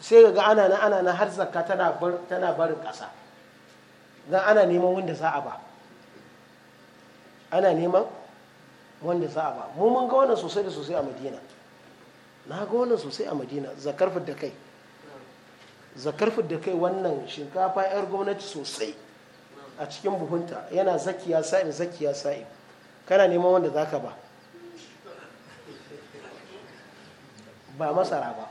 sai ga ana na ana na har zakka tana barin ƙasa don ana neman wanda za a ba ana neman wanda za a ba mu mun ga wannan sosai da sosai a madina na ga wannan sosai a madina zakarfin da kai zakarfin da kai wannan shinkafa yar gwamnati sosai a cikin buhunta yana zakiya sa'in zakiya sa'in kana neman wanda zaka ba ba masara ba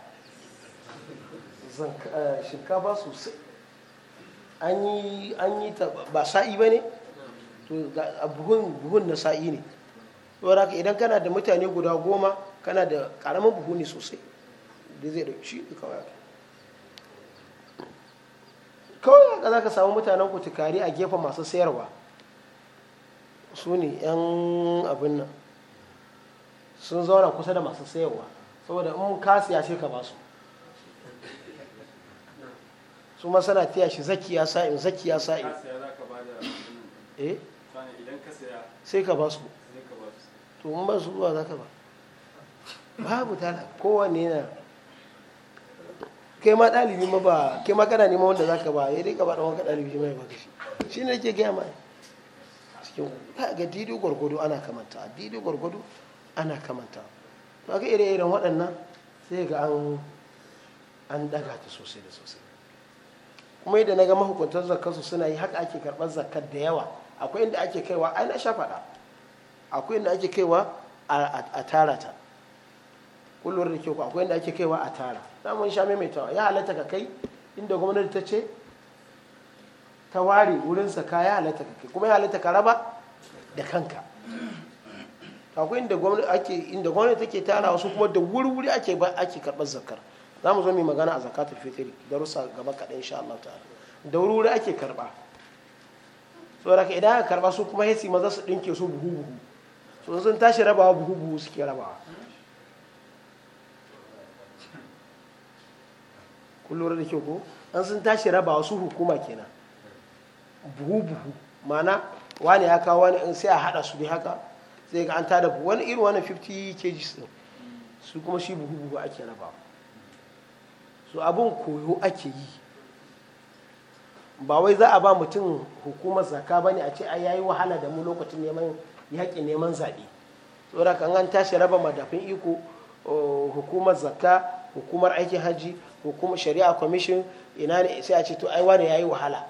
eh, shinkafa sosai an yi ta ba sa'i ba ne to buhun na sa'i ne wadda idan kana da mutane guda goma kana da karamin buhu ne sosai da zai dauki shi kawai kawai haka za ka samu mutanen ku tukari a gefen masu sayarwa su ne yan abin nan sun zauna kusa da masu sayarwa saboda in ka siya sai ka basu su ma sana tiya shi zakiya sa'in zakiya sa'in eh sai ka basu to in ba su ba za ka ba babu tala kowanne na kai ma ɗalibi ma ba kai ma kana neman wanda zaka ba ya eh rika ba ɗan ɗalibi shi mai ba kashi shi ne ke gaya ma cikin ga didi gwargwado ana kamanta didi gwargwado ana kamanta to aka ire-iren waɗannan sai ga an an daga ta sosai da sosai kuma yadda na ga mahukuntar zakkarsu suna yi haka ake karɓar zakkar da yawa akwai inda ake kaiwa ai na sha faɗa akwai inda ake kaiwa a tara ta kullum da ke ku akwai inda ake kaiwa a tara na mun sha maimaitawa ya halatta ka kai inda gwamnati ta ce ta ware wurin saka ya halatta ka kai kuma ya halatta ka raba da kanka akwai inda gwamnati ta inda take tara wasu kuma da wuri-wuri ake ba ake karɓar zakar za mu zo mai magana a zakatul fitri rusa gaba kaɗai insha Allah ta'ala da wuri-wuri ake karɓa da ka idan aka karɓa su kuma hesi maza su ɗinke su buhu-buhu so sun tashi rabawa buhu-buhu suke rabawa kullum da ke ko an sun tashi raba wasu hukuma kenan buhu buhu mana wani ya kawo wani sai a hada su ne haka sai ga an tada buhu wani irin wani 50 kg din su kuma shi buhu buhu ake raba su abun koyo ake yi ba wai za a ba mutum hukumar zaka bane a ce ya yayi wahala da mu lokacin neman yaƙi neman zaɓe saboda kan an tashi raba madafin iko eh, hukumar zakka hukumar aikin hajji kuma shari'a commission ina ne sai a ce to ai wani yayi wahala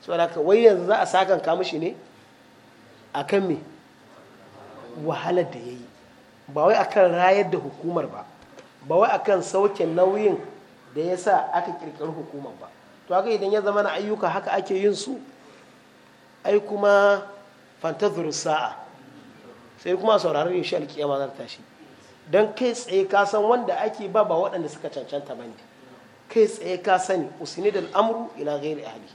saboda ka wai yanzu za a sakan ka mishi ne akan me wahala da yayi ba wai akan rayar da hukumar ba ba wai akan sauke nauyin da ya sa aka kirkiri hukumar ba to haka idan ya zama na ayyuka haka ake yin su ai kuma fantazuru sa'a sai kuma sauraron yin shi alkiyama zar tashi don kai tsaye ka san wanda ake ba ba waɗanda suka cancanta ba ne kai tsaye ka sani da al'amru ila ghairi ahli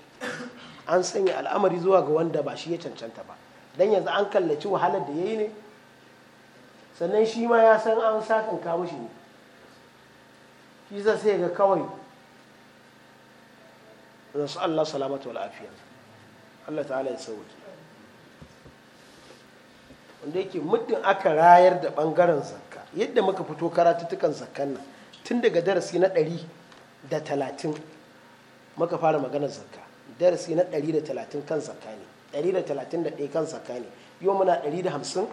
an sanya al'amari zuwa ga wanda ba shi ya cancanta ba dan yanzu an kallaci wahalar da yayi ne sannan shi ma ya san an sakan ka shi ne shi za sai ga kawai su Allah salamatu wa afiya Allah ta'ala ya sauke wanda yake muddin aka rayar da bangaren zakka yadda muka fito karatuttukan zakkan nan tun daga darasi na ɗari da talatin muka fara maganar zakka darasi na ɗari da talatin kan zakka ne ɗari da talatin da ɗaya kan zakka ne yau muna ɗari da hamsin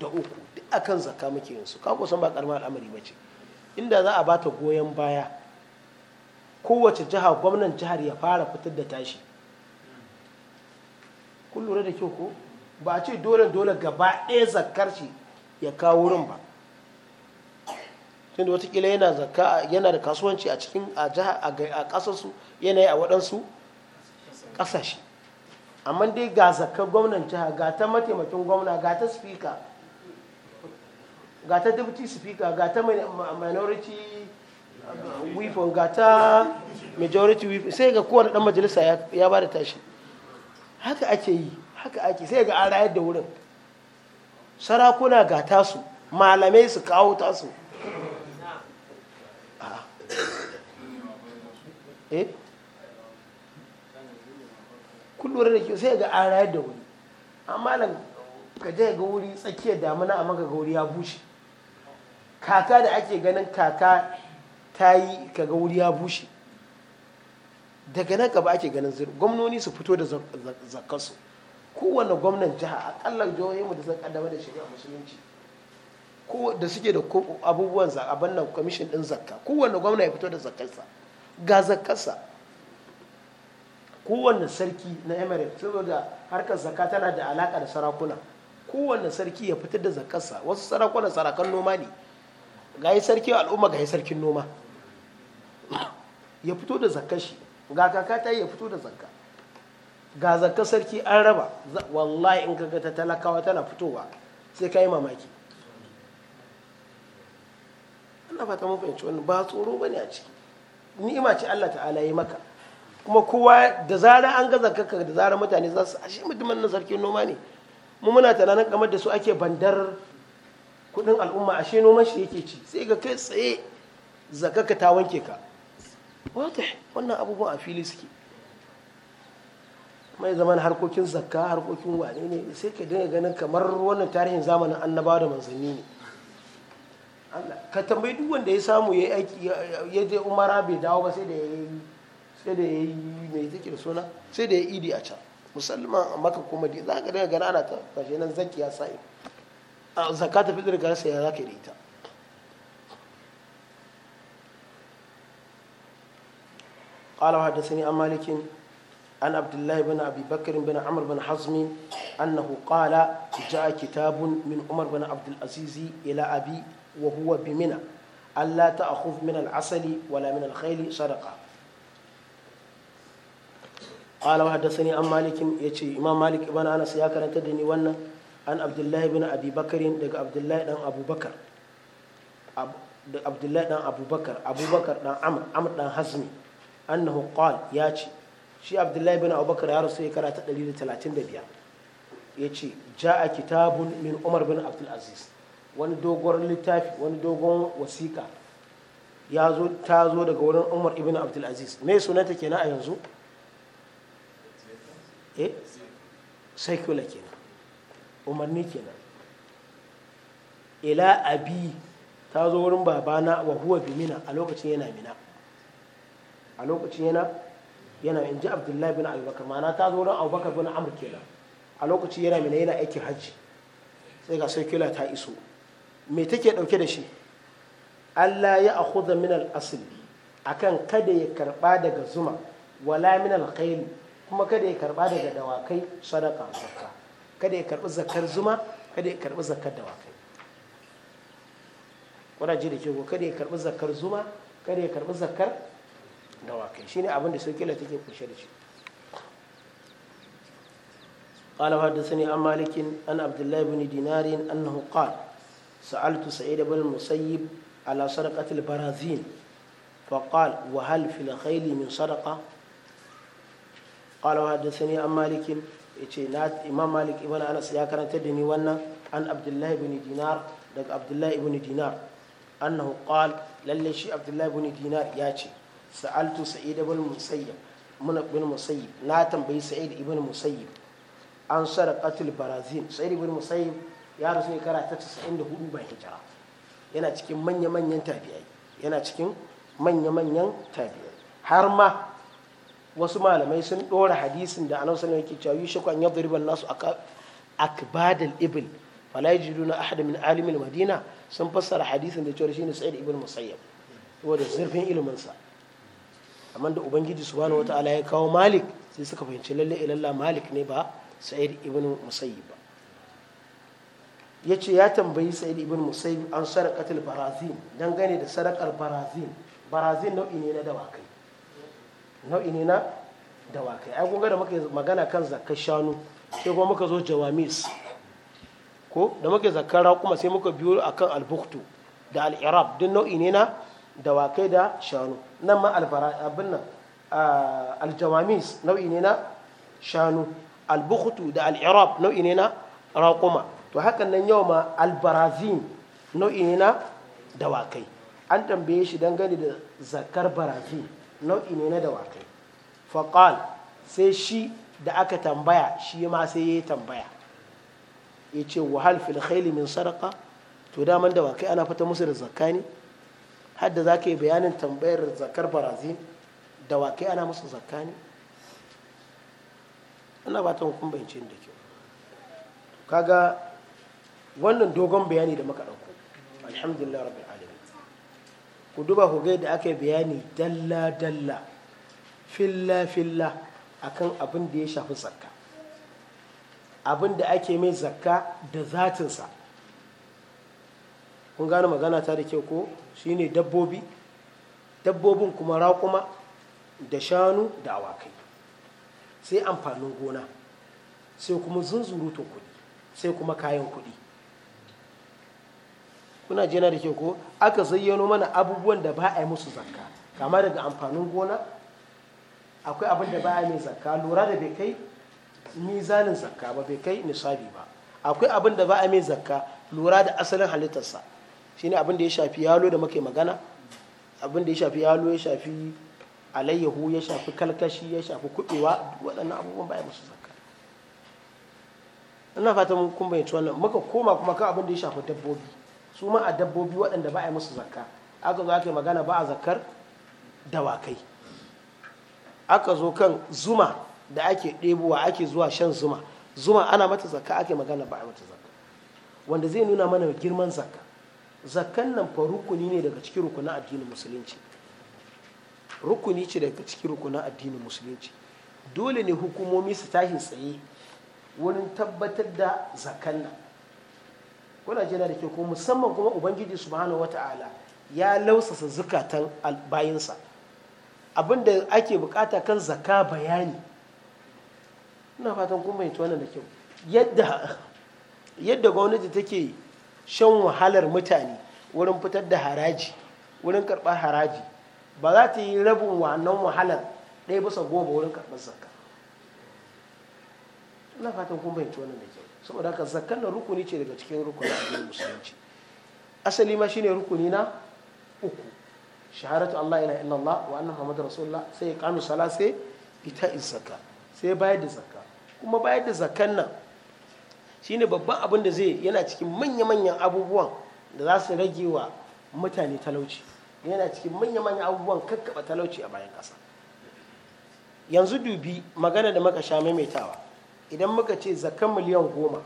da uku duk kan zakka muke yin su kawo kusan ba ƙaramin al'amari ba ce inda za a ba ta goyon baya kowace jiha gwamnan jihar ya fara fitar da tashi kun lura da kyau ko ba a ce dole dole gaba ɗaya zakkar shi ya kawo wurin ba tunda watakila yana zakka yana da kasuwanci a cikin a jiha a kasarsu yana yi a waɗansu ƙasashe amma dai ga zakka gwamnan jiha ga ta mataimakin gwamna ga ta spika ga ta deputy speaker ga ta minority uh, weapon ga ta majority weapon sai ga kowane ɗan majalisa ya ba da tashi haka ake yi haka ake sai ga an rayar da wurin sarakuna ga tasu malamai su kawo tasu eh da ke sai ga an rayar da wuri amma nan ka je ga wuri tsakiyar damuna amma ka ga wuri ya bushe kaka da ake ganin kaka ta yi ka ga wuri ya bushe daga nan gaba ake ganin zuru gwamnoni su fito da zakasu kowane gwamnan jiha akalla jihohinmu da zan kaddamar da shari'a musulunci da suke da abubuwan za abin nan kwamishin din zakka kowanne gwamna ya fito da zakkarsa ga zakkarsa kowanne sarki na emirate saboda harkar zakka tana da alaka da sarakuna kowanne sarki ya fitar da zakkarsa wasu sarakuna sarakan noma ne ga yi sarki al'umma ga yi sarkin noma ya fito da zakkar shi ga kaka ta ya fito da zakka ga zakka sarki an raba wallahi in kaga ta talakawa tana fitowa sai ka yi mamaki ana fata mun fahimci wannan ba tsoro ba ne a ciki ni'ima ce Allah ta'ala yi maka kuma kowa da zara an gaza kaka da zara mutane za su ashe mutumin na sarkin noma ne mu muna tunanin kamar da su ake bandar kudin al'umma ashe noman shi yake ci sai ga kai tsaye zakaka ta wanke ka wata wannan abubuwan a fili suke mai zaman harkokin zakka harkokin wane ne sai ka dinga ganin kamar wannan tarihin zamanin annabawa da manzanni ne ka tambayi duk wanda ya samu ya aiki ya je umara bai dawo ba sai da ya yi sai da ya yi mai zikir suna sai da ya idi a can musamman a maka kuma za ka daga gana ana tafashe nan zaki ya sa'i a zakata fitar ga sai ya zaka da ita قال وحدثني عن مالك عن عبد الله بن ابي بكر بن عمرو بن حزم انه قال جاء كتاب من عمر بن عبد العزيز الى ابي wa huwa bi mina alla ta'khudh min al-asali wala min al-khayli sadaqa قال وحدثني عن مالك يجي امام مالك ابن انس يا كرنت دني wannan an abdullahi bin abi bakarin daga abdullahi dan abubakar da abdullahi dan abubakar abubakar dan amr amr dan hazmi annahu qal ya ce shi abdullahi bin abubakar ya rasu shekara da biyar. ya ce a kitabun min umar bin abdul aziz wani dogon littafi wani dogon wasiƙa ya zo ta zo daga wurin umar ibn abdulaziz me sunanta kenan a yanzu eh ke kenan umarni kenan ila abi ta zo wurin babana wa huwa mina a lokacin yana mina a lokacin yana yana in ji abdullahi bin abubakar ma'ana ta zo wurin abubakar bin amur a lokacin yana mina yana aikin hajji sai ga kula ta iso me take dauke da shi Allah ya akhudha min al-asl akan kada ya karba daga zuma wala min al-khayl kuma kada ya karba daga dawakai sadaka zakka kada ya karbi zakar zuma kada ya karbi zakar dawakai kuna ji da kyau kada ya karbi zakar zuma kada ya karbi zakar dawakai shine abin da sauƙila take kushe da shi قال وحدثني عن مالك عن عبد الله بن دينار انه قال سألت سعيد بن المسيب على صدقة البراذين فقال وهل في الخيل من صدقة قال وحدثني عن مالك إمام مالك ابن أنس يا كان تدني وانا عن عبد الله بن دينار دك عبد الله بن دينار أنه قال للي شي عبد الله بن دينار ياتي سألت سعيد بن المسيب من بن المسيب لا تنبي سعيد بن المسيب عن صدقة البراذين سعيد بن المسيب ya rasu shekara ta 94 ba hijira yana cikin manya-manyan tabi'ai yana cikin manya-manyan tabi'ai har ma wasu malamai sun ɗora hadisin da annabi sallallahu yake cewa yushaku an yadriban nasu akbadal ibil fala na ahada min alimil madina sun fassara hadisin da cewa shine sa'id ibn musayyab saboda zurfin ilimin sa amma da ubangiji subhanahu wataala ya kawo malik sai suka fahimci lalle ilalla malik ne ba sa'id ibn musayyib ba ya ce ya tambayi sa'id ibn musayyib an sarakatul barazin dangane da sarakar barazin barazin nau'i ne na dawakai nau'i ne na dawakai ai kun da muke magana kan zakar shanu sai kuma muka zo jawamis ko da muka zakar raƙuma sai muka biyo akan albuktu da al'irab duk nau'i ne na dawakai da shanu nan ma abin nan aljawamis nau'i ne na shanu albuktu da al'irab nau'i ne na raƙuma to hakan nan yau ma albarazin nau'i ne na dawakai an tambaye shi dangane da zakar barazin nau'i ne na dawakai faƙal sai shi da aka tambaya shi ma sai ya yi tambaya ya ce wahal fil khaili min saraka to daman dawakai ana fata musu da zakka ne hadda za ka yi bayanin tambayar zakar barazin dawakai ana musu zakka ne ana ba ta ni da kyau kaga wannan dogon bayani da muka ɗauko alhamdulillah rabbil alamin ku duba ku ga da aka bayani dalla dalla filla filla akan abin da ya shafi zakka abin da ake mai zakka da zatinsa kun gane magana ta da kyau ko shine dabbobi dabbobin kuma raƙuma da shanu da awakai sai amfanin gona sai kuma zunzurutun kuɗi sai kuma kayan kuɗi kuna yana da ke ko aka zayyano mana abubuwan da ba a yi musu zakka kama daga amfanin gona akwai abin da ba a yi zakka lura da bai kai mizanin zakka ba bai kai nisabi ba akwai abin da ba a yi zakka lura da asalin halittarsa shine abin da ya shafi yalo da muke magana abin da ya shafi yalo ya shafi alayyahu ya shafi kalkashi ya shafi kubewa waɗannan abubuwan ba a yi musu zakka ina fatan kun bayyanci wannan muka koma kuma kan abin da ya shafi dabbobi su ma a dabbobi waɗanda ba a yi musu zakka aka zo aka magana ba a zakkar dawakai aka zo kan zuma da ake ɗebowa ake zuwa shan zuma zuma ana mata zakka ake magana ba a mata zakka wanda zai nuna mana girman zakka zakkan nan fa rukuni ne daga cikin rukunin addinin musulunci rukuni ce daga cikin rukunin addinin musulunci dole ne hukumomi su tashi tsaye wurin tabbatar da zakkan nan kuna jina da ke kuma musamman kuma ubangiji subhanahu wata'ala ya lausasa zukatan bayinsa abinda ake bukata kan zaka bayani ina fatan kun yi wannan da kyau yadda gwamnati take shan wahalar mutane wurin fitar da haraji wurin karɓar haraji ba za ta yi rabin wannan wahalar ɗaya bisa goma wurin karɓar zaka ina fatan kun yi wannan da kyau saboda haka zakkan rukuni ce daga cikin rukunin addinin musulunci asali ma shine rukuni na uku shahadatu Allah ilaha illallah wa anna muhammadar rasulullah sai kanu sala sai ita zakka sai bayar da zakka kuma bayar da zakkan nan shine babban abin da zai yana cikin manya-manyan abubuwan da za su rage wa mutane talauci yana cikin manya-manyan abubuwan kakkaba talauci a bayan kasa yanzu dubi magana da maka sha maimaitawa idan muka ce zakan miliyan goma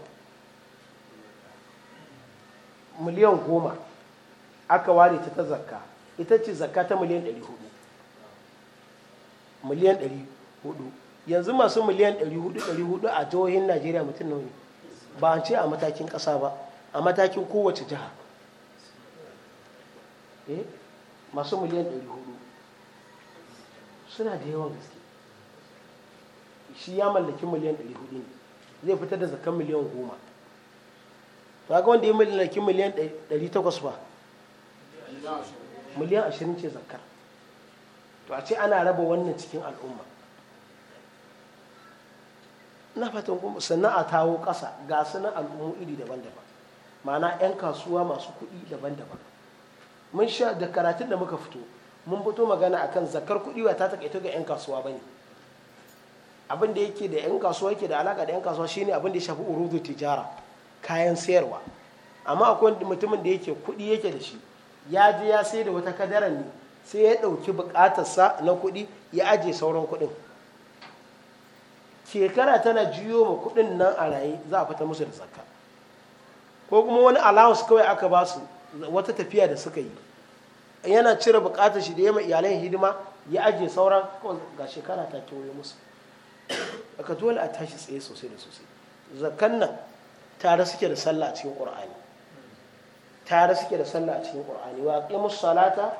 miliyan goma aka ware ta ta zakka ita ce zakka ta miliyan 400 miliyan 400 yanzu masu miliyan 400 a jihohin najeriya mutum nawa ne ba an ce a matakin ƙasa ba a matakin kowace jiha eh, masu miliyan 400 suna da yawan gaske shi ya mallaki miliyan 400 ne zai fitar da zakan miliyan 10 to ga wanda ya mallaki miliyan 800 ba miliyan 20 ce zakar to a ce ana raba wannan cikin al'umma na fatan kuma a tawo ƙasa ga sanar al'ummu iri daban-daban ma'ana 'yan kasuwa masu kuɗi daban-daban mun sha da karatun da muka fito mun fito magana akan zakar kuɗi ba ta takaito ga 'yan kasuwa ba ne abin da yake da 'yan kasuwa yake da alaka da 'yan kasuwa shine abin da ya shafi urudu tijara kayan sayarwa amma akwai mutumin da yake kuɗi yake da shi ya je ya sai da wata kadaran ne sai ya ɗauki buƙatarsa na kuɗi ya aje sauran kuɗin shekara tana jiyo ma kuɗin nan a raye za a fita musu da zakka ko kuma wani allowance kawai aka ba su wata tafiya da suka yi yana cire buƙatar shi da ya ma iyalan hidima ya ajiye sauran ga shekara ta kewaye musu aka dole a tashi tsaye sosai da sosai zakan nan tare suke da sallah a cikin qur'ani tare suke da sallah a cikin qur'ani wa aqimus salata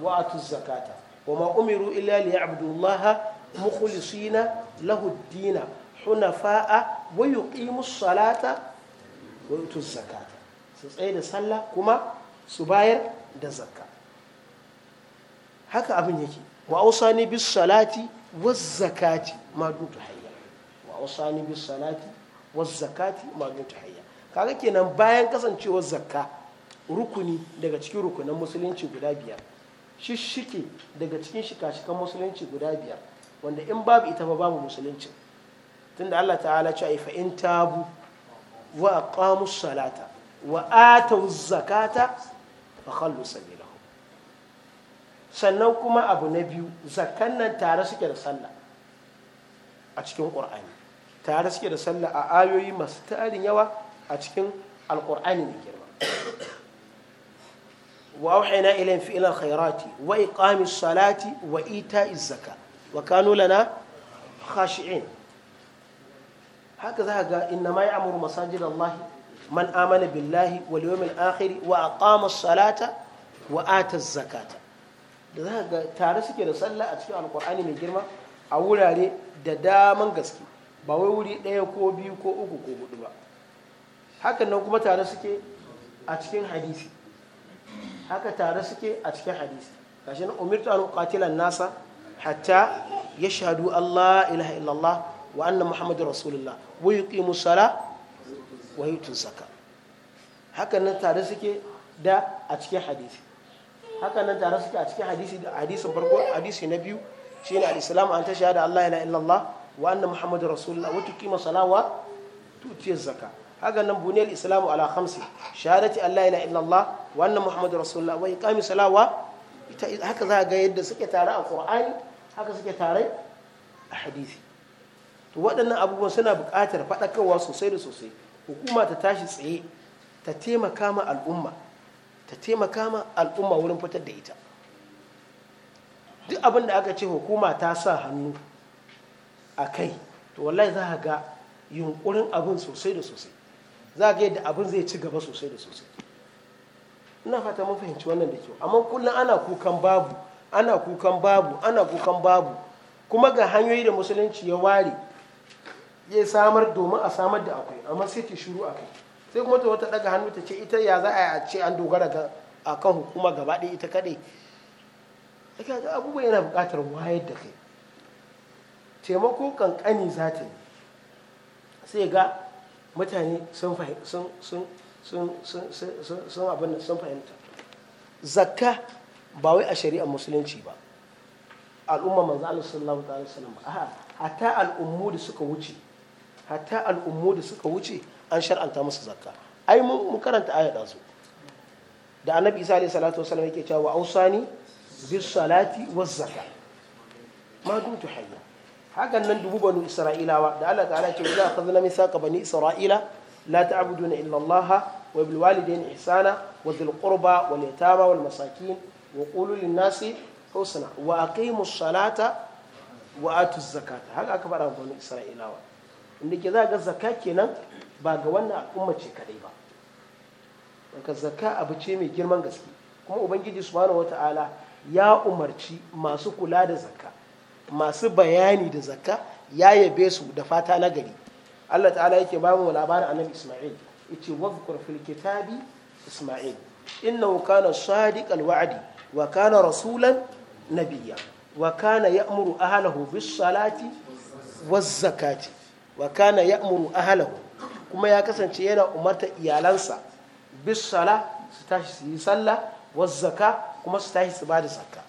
wa atuz zakata wa ma umiru illa liya'budullaha mukhlisina lahu ad-din hunafa'a wa yuqimus salata wa atuz zakata su tsaye da sallah kuma su bayar da zakka haka abin yake wa ausani bis salati wazzakati ma dutu hayya wa ausani bis salati wazzakati ma dutu hayya kaga kenan bayan kasancewar zakka rukuni daga cikin rukunan musulunci guda biyar shishike daga cikin shika musulunci guda biyar wanda in babu ita ba babu musulunci tunda Allah ta'ala ce fa in tabu wa aqamu salata wa atu zakata fa khallu sabila sannan kuma abu na biyu zakan nan tare suke da sallah a cikin ƙur'ani tare suke da sallah a ayoyi masu tarin yawa a cikin alƙur'ani mai girma wa auhayna ilayhim fi ilal khairati wa iqamis salati wa ita'iz zaka wa kanu lana khashi'in haka za ga inna ma ya'muru masajid Allah man amana billahi wal yawmil akhir wa aqama as-salata wa ata az-zakata da za ga tare suke da sallah a cikin alkur'ani mai girma a wurare da daman gaske ba wai wuri ɗaya ko biyu ko uku ko hudu ba hakan nan kuma tare suke a cikin hadisi haka tare suke a cikin hadisi kashi na umirtu an qatilan nasa hatta ya shahadu Allah ilaha illallah wa anna muhammadu rasulullah wa yuqimu sala wa yutu saka hakan nan tare suke da a cikin hadisi haka nan tare suke a cikin hadisi hadisin farko hadisi na biyu shine al-islam an tasha da Allah ila illallah wa anna muhammadur rasulullah wa tuqima salawa tu'ti zakka haka nan buniyal islam ala khamsi shahadati Allah ila illallah wa anna muhammadur rasulullah wa iqami salawa haka za ga yadda suke tare a qur'ani haka suke tare a hadisi to waɗannan abubuwan suna buƙatar faɗakarwa sosai da sosai hukuma ta tashi tsaye ta taimaka ma al'umma ta taimaka ma al'umma wurin fitar da ita duk abin da aka ce hukuma ta sa hannu a kai to wallahi za a ga yunkurin abin sosai da sosai za a ga yadda abin zai ci gaba sosai da sosai ina fata mun fahimci wannan da kyau amma kullum ana kukan babu ana kukan babu ana kukan babu kuma ga hanyoyi da musulunci ya ware ya samar domin a samar da akwai amma sai ke shuru akai sai kuma ta wata daga hannu ta ce ita ya za a ce an dogara ga kan hukuma gaba ɗaya ita kaɗai ga abubuwa yana buƙatar wayar da kai taimako kankani za ta yi sai ga mutane sun abin sun fahimta zakka ba wai a shari'ar musulunci ba al'umma manzo Allah sallallahu ta'ala sallam a hatta al'ummu da suka wuce hatta al'ummu da suka wuce an shar'anta musu zakka ai mu karanta aya da da annabi isa alaihi salatu wasallam yake cewa wa ausani bis salati waz zakka ma dumtu hayya hakan nan dubu banu isra'ilawa da Allah ta'ala ce wala khadna misaqa bani isra'ila la ta'buduna illa allaha wa bil walidayni ihsana wa dhil qurba wal yatama wal masakin wa qulu lin nasi husna wa aqimu salata wa atu zakata haka aka fara banu isra'ilawa inda ke za ga zakka kenan ba ga wannan al'umma ce kadai ba daga zakka abu ce mai girman gaske kuma ubangiji subhanahu wata'ala ya umarci masu kula da zakka masu bayani da zakka ya yabe su da fata na gari Allah ta'ala yake ba mu labarin annabi Isma'il yace wadhkur fil kitabi Isma'il innahu kana sadiqal wa'di wa kana rasulan nabiyya wa kana ya'muru ahlahu bis salati waz zakati wa kana ya'muru ahlahu kuma ya kasance yana umarta iyalansa bis sala su tashi su yi sallah was zaka kuma su tashi su ba da zakka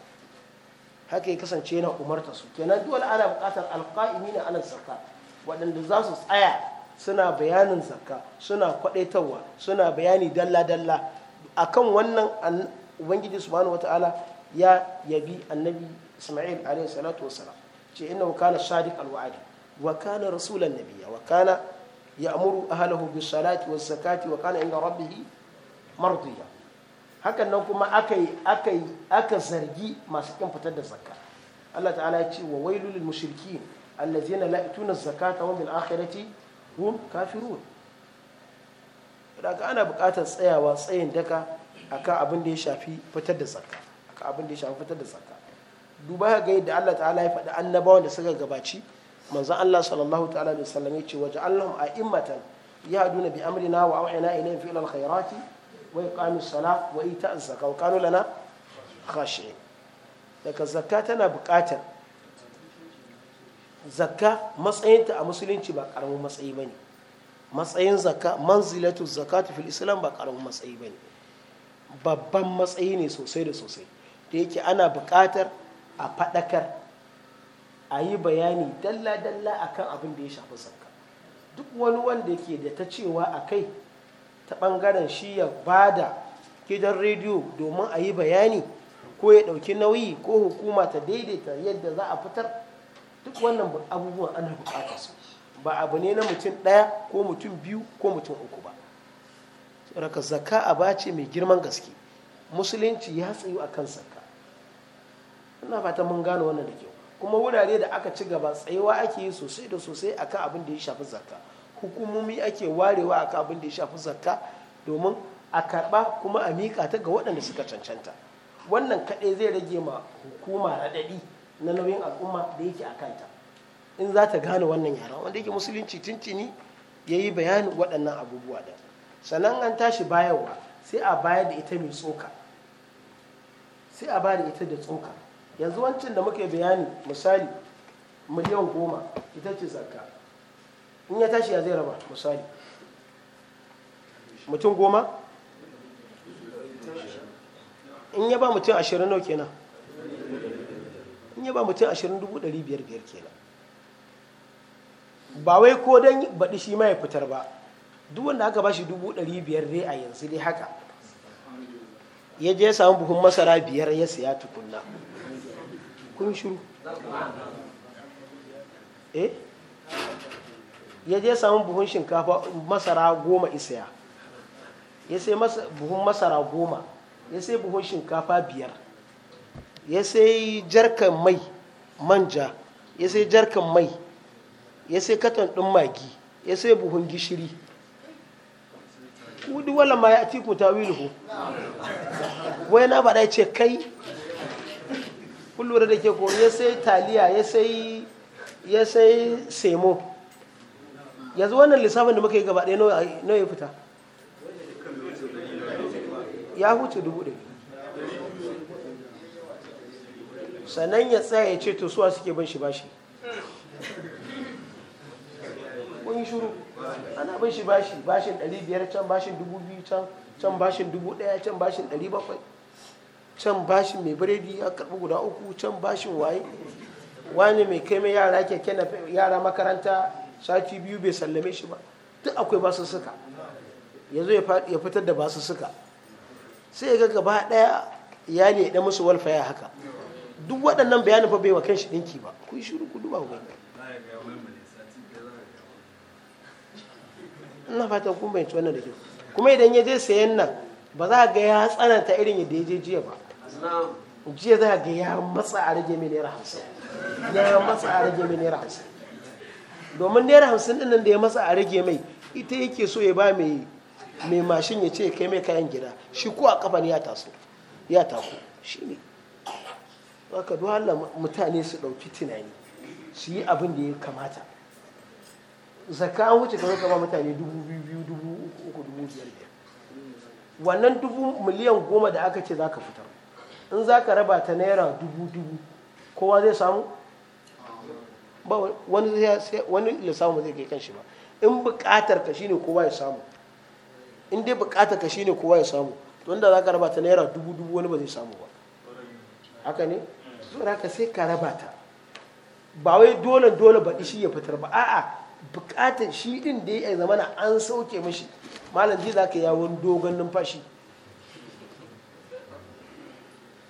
haka ya kasance yana umarta su kenan duk ana buƙatar alqa'imina ala zakka waɗanda za su tsaya suna bayanin zakka suna kwadaitarwa suna bayani dalla dalla akan wannan ubangiji subhanahu wataala ya yabi annabi isma'il alaihi salatu wasalam ce innahu kana sadiq alwa'adi wa kana rasulan nabiyya wa kana ya'muru ahlahu bis salati was zakati wa kana inda rabbih mardiya hakan nan kuma akai aka zargi masu kin fitar da zakka Allah ta'ala ya ce wa wailul lil mushrikin allazina la yatuna zakata wa bil akhirati hum kafirun daga ana buƙatar tsayawa tsayin daka akan abin da ya shafi fitar da zakka akan abin da ya shafi fitar da zakka duba ga yadda Allah ta'ala ya faɗi annabawan da suka gabaci manzon Allah sallallahu ta'ala alaihi wasallam ya ce waja'alhum a'immatan yahduna bi amrina wa awhayna ilayhim fi'l al-khairati wa iqamis salah wa ita'az zakah wa kanu lana khashi'in daga zakka tana buƙatar zakka matsayinta a musulunci ba ƙaramin matsayi bane matsayin zakka manzilatu zakatu fil islam ba ƙaramin matsayi bane babban matsayi ne sosai da sosai da yake ana buƙatar a faɗakar a yi bayani dalla-dalla akan abin da ya shafi sarka duk wani wanda ke da ta cewa a kai ta ɓangaren shi ya ba da gidan rediyo domin a yi bayani ko ya ɗauki nauyi ko hukuma ta daidaita yadda za a fitar duk wannan abubuwan ana bukata su ba abu ne na mutum ɗaya ko mutum biyu ko mutum uku ba raka zaka aba ce mai girman gaske musulunci ya tsayu akan zakka ina fata mun gane wannan da ke kuma wurare da aka ci gaba tsayuwa ake yi sosai da sosai a akan abin da ya shafi zakka hukumomi ake warewa a kan abin da ya shafi zakka domin a karɓa kuma a miƙa ta ga waɗanda suka cancanta wannan kaɗai zai rage ma hukuma raɗaɗi na nauyin al'umma da yake a kanta in za ta gane wannan yara wanda yake musulunci tuntuni ya yi bayanin waɗannan abubuwa da sannan an tashi bayarwa sai a bayar da ita mai tsoka sai a bayar da ita da tsoka yanzu wancin da muke bayani misali miliyan goma ita ce zakka in ya tashi ya zai raba misali mutum goma in ya ba mutum ashirin nau kenan in ya ba mutum ashirin dubu dari biyar biyar kenan ba wai ko don baɗi shi ma ya fitar ba duk wanda aka ba shi dubu dari biyar dai a yanzu dai haka ya je samu buhun masara biyar ya siya tukunna kun shiru eh ya je samun buhun shinkafa masara goma isaya ya sai buhun masara goma ya sai buhun shinkafa biyar ya sai jarkan mai manja ya sai jarkan mai ya sai katon ɗin magi ya sai buhun gishiri kudu wala ma ya tiku tawilu wai na faɗa ce kai kun da ke ko ya sai taliya ya sai ya sai semo yanzu wannan lissafin da muka yi gaba ɗaya nawa ya fita ya huce dubu ɗaya sannan ya tsaya ya ce tosuwa suke ban shi bashi kun yi shuru ana ban shi bashi bashin 500 can bashin 2000 can can bashin 1000 can bashin 700 can bashin mai biredi a karbi guda uku can bashin waye wani mai kai mai yara keke na yara makaranta sati biyu bai sallame shi ba duk akwai basu suka ya zo ya fitar da basu suka sai ga gaba daya ya ne da musu walfaya haka duk waɗannan bayani fa bai wa kanshi ɗinki ba ku yi shiru ku duba ku ina fata kun bayanci wannan da kuma idan ya je sayan nan ba za ga ya tsananta irin yadda ya je jiya ba jiya za ga ya matsa a rage mai naira hamsin ya matsa a rage mai naira hamsin domin naira hamsin din nan da ya matsa a rage mai ita yake so ya ba mai mai mashin ya ce kai mai kayan gida shi ko a kafa ne ya taso ya tako shi ne haka dole mutane su ɗauki tunani su yi abin da ya kamata zaka an wuce kamar kama mutane dubu biyu dubu uku dubu biyar biyar wannan dubu miliyan goma da aka ce za ka fitar in za ka raba ta naira dubu dubu kowa zai samu ba wani lissafin zai kai kan shi ba in bukatar ka shine kowa ya samu in dai bukatar ka shine kowa ya samu to inda za ka raba ta naira dubu dubu wani ba zai samu ba haka ne saboda ka sai ka raba ta ba wai dole dole ba shi ya fitar ba a'a bukatar shi din da ya zamana an sauke mashi malam ji za ka yawon dogon numfashi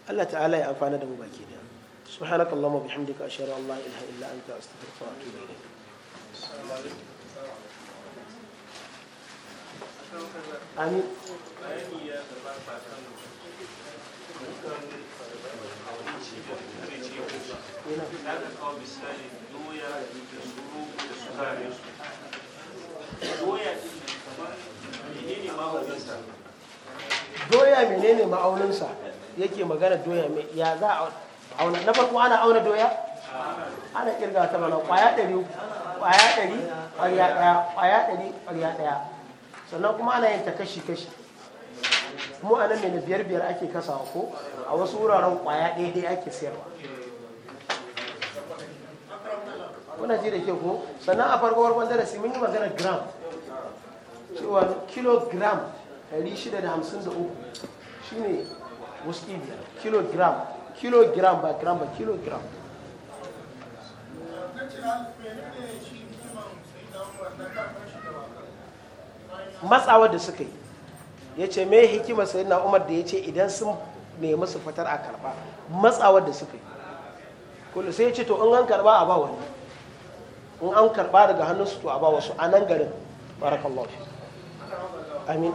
Allah ta'ala ya amfana da mu baki da subhanaka allahumma bihamdika ashhadu an la ilaha illa anta astaghfiruka wa atubu ilayk amin doya menene ma'auninsa yake magana doya mai ya za a auna na farko ana auna doya ana kirga ta mana kwaya ɗari kwaya ɗari kwaya ɗaya kwaya ɗari kwaya ɗaya sannan kuma ana yin ta kashi kashi mu a nan mai biyar biyar ake kasawa ko a wasu wuraren kwaya ɗaya ɗaya ake sayarwa kuna ji da ke ko sannan a farko farkon darasi mun yi magana gram cewa kilogram 653 shine wuski biyar kilogram kilogram ba gram ba kilogram matsawa da suka yi ya ce mai hikima sai na umar da ya ce idan sun nemi su fitar a karba matsawar da suka yi kullu sai ya ce to in an karba a ba wani in an karba daga hannunsu to a ba wasu a nan garin barakallahu fi amin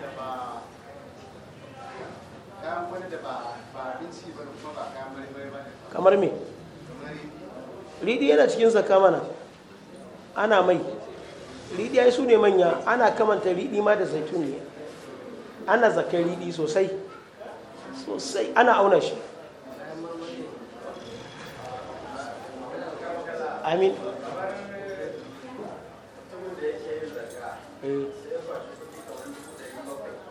da kamar me ridi yana cikin zaka mana ana mai ridi ya su ne manya ana kamanta ridi ma da zaitun ne ana zakar ridi sosai sosai ana auna shi amin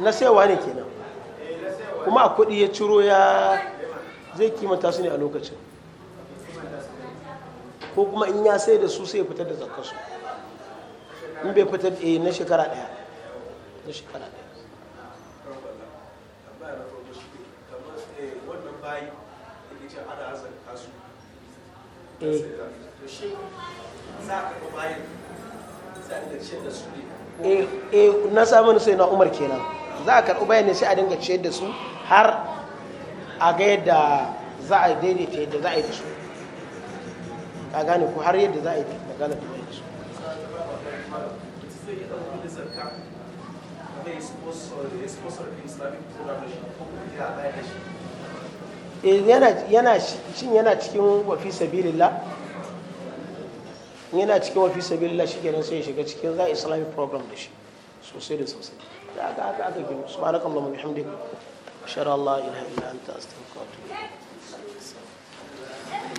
na saiwa ne kenan kuma a kudi ya ciro ya zai kimanta su ne a lokacin ko kuma in ya sai da su sai fitar da zakkarsu in bai fitar da eh, na shekara daya na shekara daya eh. eh, na samun sai na umar kenan za a karɓi bayanin sai a dinga ciyar da su har a ga yadda za a daidaita yadda za a yi da su a gane ku har yadda za a yi da magana da wani su eh, yana shin yana cikin wafi sabilillah yana cikin wafi sabilillah shi kenan sai ya shiga cikin za islamic program da shi sosai da sosai لا قاعد قاعد سبحانك اللهم وبحمدك أشهد أن لا إله إلا أنت أستغفرك